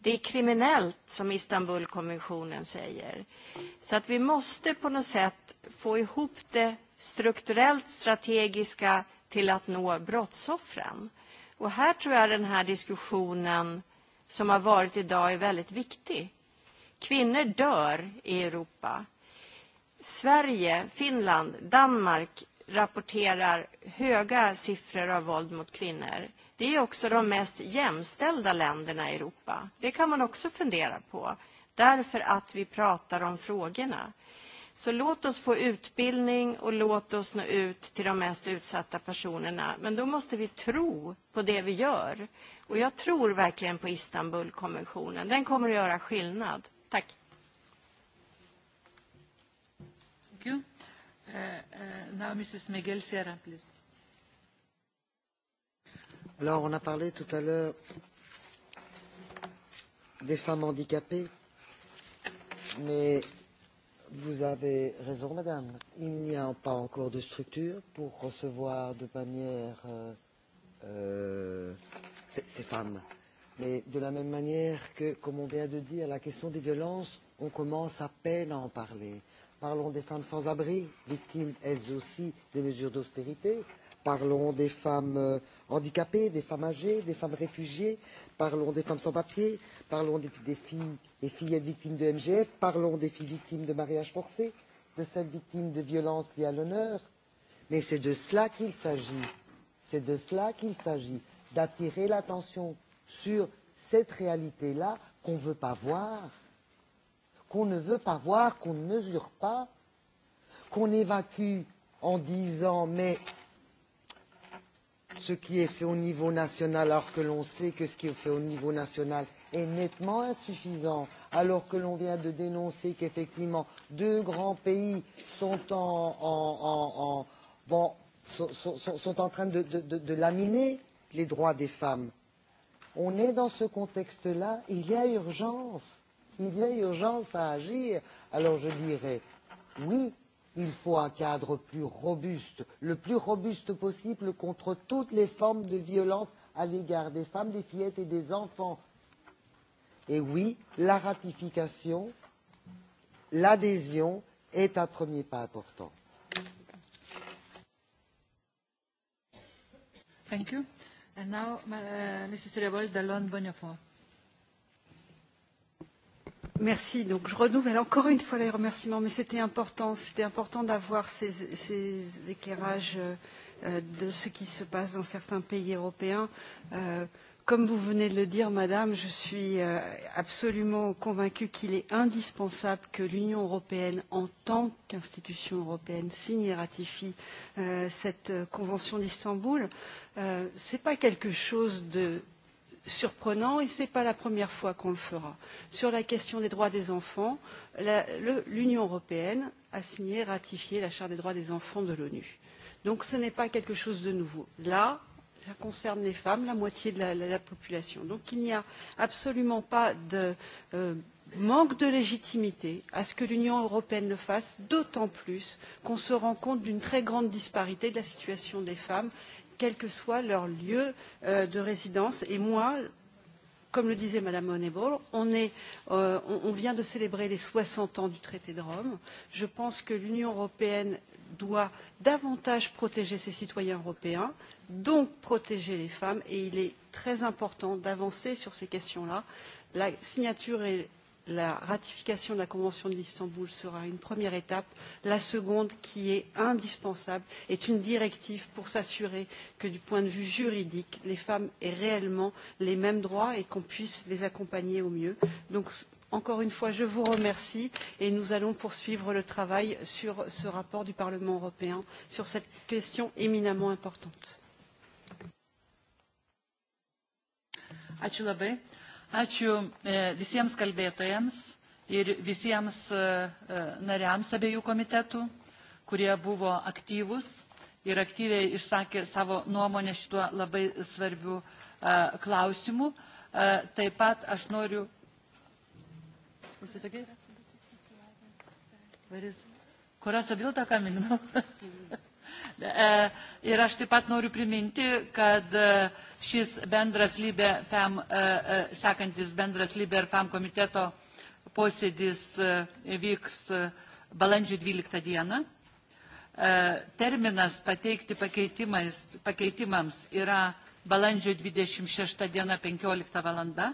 Det är kriminellt, som Istanbulkonventionen säger. Så att vi måste på något sätt få ihop det strukturellt strategiska till att nå brottsoffren. Och här tror jag den här diskussionen som har varit idag är väldigt viktig. Kvinnor dör i Europa. Sverige, Finland, Danmark rapporterar höga siffror av våld mot kvinnor. Det är också de mest jämställda länderna i Europa. Det kan man också fundera på, därför att vi pratar om frågorna. Så låt oss få utbildning och låt oss nå ut till de mest utsatta personerna. Men då måste vi tro på det vi gör. Och jag tror verkligen på Istanbulkonventionen. Den kommer att göra skillnad. Tack. Uh, uh, now Mrs. Miguel Sierra, please. Alors, on a parlé tout à l'heure des femmes handicapées, mais vous avez raison, madame. Il n'y a pas encore de structure pour recevoir de manière euh, euh, ces, ces femmes. Mais de la même manière que, comme on vient de dire, la question des violences, on commence à peine à en parler. Parlons des femmes sans abri, victimes elles aussi des mesures d'austérité. Parlons des femmes Euh, handicapées, des femmes âgées, des femmes réfugiées, parlons des femmes sans papier, parlons des, des filles et filles victimes de MGF, parlons des filles victimes de mariage forcé, de celles victimes de violences liées à l'honneur. Mais c'est de cela qu'il s'agit. C'est de cela qu'il s'agit, d'attirer l'attention sur cette réalité-là qu'on ne veut pas voir, qu'on ne veut pas voir, qu'on ne mesure pas, qu'on évacue en disant mais ce qui est fait au niveau national, alors que l'on sait que ce qui est fait au niveau national est nettement insuffisant, alors que l'on vient de dénoncer qu'effectivement deux grands pays sont en, en, en, en, bon, sont, sont, sont en train de, de, de, de laminer les droits des femmes. On est dans ce contexte-là, il y a urgence, il y a urgence à agir. Alors je dirais, oui, Il faut un cadre plus robuste, le plus robuste possible contre toutes les formes de violence à l'égard des femmes, des fillettes et des enfants. Et oui, la ratification, l'adhésion est un premier pas important. Thank you. And now, uh, Mrs. Revolt, Delon Bonnefoy. Merci. Donc, je renouvelle encore une fois les remerciements, mais c'était important. C'était important d'avoir ces, ces éclairages euh, de ce qui se passe dans certains pays européens. Euh, comme vous venez de le dire, Madame, je suis euh, absolument convaincue qu'il est indispensable que l'Union européenne, en tant qu'institution européenne, signe et ratifie euh, cette euh, Convention d'Istanbul. Euh, Ce n'est pas quelque chose de surprenant et ce n'est pas la première fois qu'on le fera. Sur la question des droits des enfants, l'Union européenne a signé et ratifié la Charte des droits des enfants de l'ONU. Donc ce n'est pas quelque chose de nouveau. Là, ça concerne les femmes, la moitié de la, la, la population. Donc il n'y a absolument pas de euh, manque de légitimité à ce que l'Union européenne le fasse, d'autant plus qu'on se rend compte d'une très grande disparité de la situation des femmes quel que soit leur lieu euh, de résidence. Et moi, comme le disait Mme Honeyball, on, est, euh, on, on vient de célébrer les 60 ans du traité de Rome. Je pense que l'Union européenne doit davantage protéger ses citoyens européens, donc protéger les femmes, et il est très important d'avancer sur ces questions-là. La signature et la ratification de la Convention d'Istanbul sera une première étape. La seconde, qui est indispensable, est une directive pour s'assurer que, du point de vue juridique, les femmes aient réellement les mêmes droits et qu'on puisse les accompagner au mieux. Donc, encore une fois, je vous remercie et nous allons poursuivre le travail sur ce rapport du Parlement européen sur cette question éminemment importante. Ačiū labai. Ačiū e, visiems kalbėtojams ir visiems e, e, nariams abiejų komitetų, kurie buvo aktyvus ir aktyviai išsakė savo nuomonę šituo labai svarbiu klausimu. Taip pat aš noriu. Kuras abiltą Camino. E, ir aš taip pat noriu priminti, kad e, šis bendras lybė FEM, e, sekantis bendras lybė ir FEM komiteto posėdis vyks balandžio 12 dieną. Terminas pateikti pakeitimams yra balandžio 26 diena 15 valanda.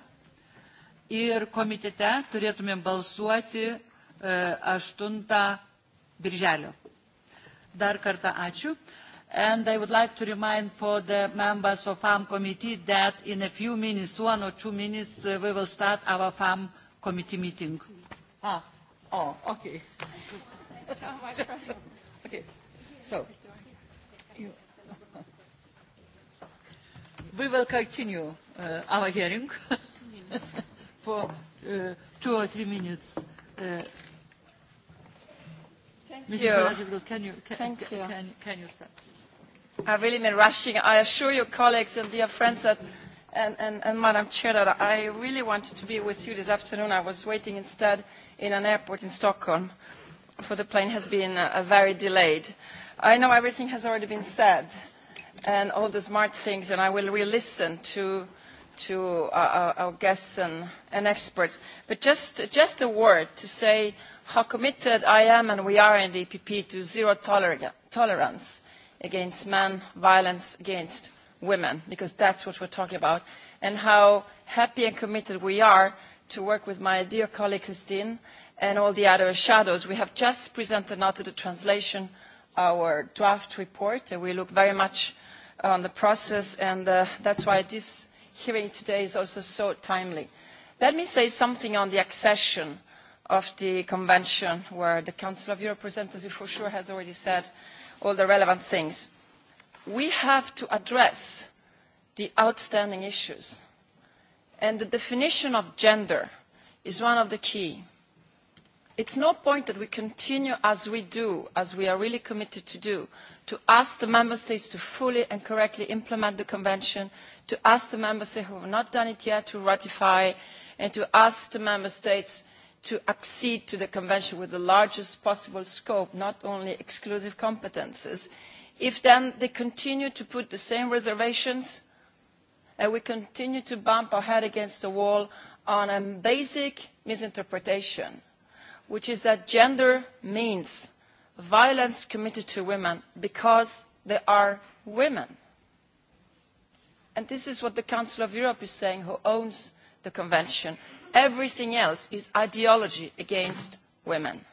Ir komitete turėtumėm balsuoti 8 birželio. Dar kartą ačiū. And I would like to remind for the members of FAM committee that in a few minutes, one or two minutes, uh, we will start our FAM committee meeting. Ah, oh, okay. okay. So, we will continue uh, our hearing for uh, two or three minutes. Uh, Thank Mrs. you. Can you, can, Thank can, you. Can, can you start? I've really been rushing. I assure you, colleagues and dear friends, that, and, and, and Madam Chair, that I really wanted to be with you this afternoon. I was waiting instead in an airport in Stockholm, for the plane has been uh, very delayed. I know everything has already been said, and all the smart things, and I will re-listen to to uh, uh our guests and, and experts. But just, just a word to say how committed I am and we are in the EPP to zero tolerance against men, violence against women, because that's what we're talking about, and how happy and committed we are to work with my dear colleague Christine and all the other shadows. We have just presented now to the translation our draft report, and we look very much on the process, and uh, that's why this hearing today is also so timely. Let me say something on the accession of the convention where the Council of Europe representative for sure has already said all the relevant things. We have to address the outstanding issues. And the definition of gender is one of the key. It's no point that we continue as we do, as we are really committed to do, to ask the Member States to fully and correctly implement the Convention, to ask the Member States who have not done it yet to ratify, and to ask the Member States to accede to the convention with the largest possible scope not only exclusive competences if then they continue to put the same reservations and we continue to bump our head against the wall on a basic misinterpretation which is that gender means violence committed to women because they are women. And this is what the council of europe is saying who owns the convention everything else is ideology against women.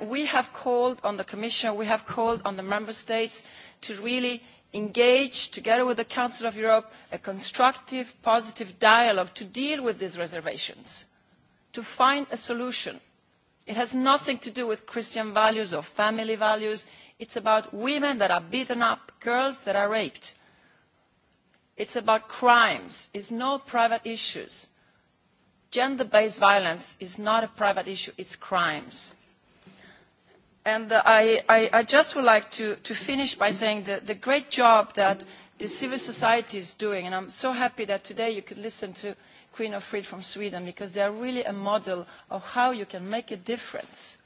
we have called on the Commission, we have called on the Member States to really engage, together with the Council of Europe, in a constructive, positive dialogue to deal with these reservations, to find a solution. It has nothing to do with Christian values or family values. it is about women that are beaten up, girls that are raped. it is about crimes. it is not private issues gender-based violence is not a private issue, it's crimes. And uh, I, I, just would like to, finish by saying that the great job that the civil society is doing, and I'm so happy that today you could listen to Queen of Freed from Sweden, because they are really a model of how you can make a difference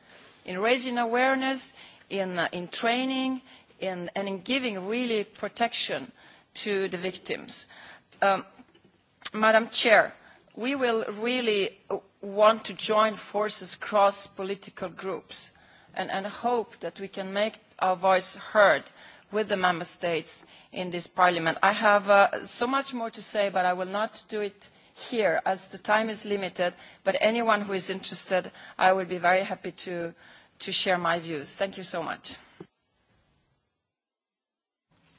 in raising awareness, in, uh, training, and in giving really protection to the victims. Um, Madam Chair, we will really want to join forces across political groups and, and hope that we can make our voice heard with the member states in this parliament. I have uh, so much more to say, but I will not do it here as the time is limited. But anyone who is interested, I would be very happy to, to share my views. Thank you so much.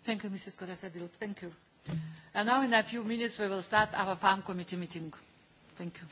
Thank you, Mrs. Corazza-Bildt. Thank you. And now in a few minutes we will start our farm committee meeting. Thank you.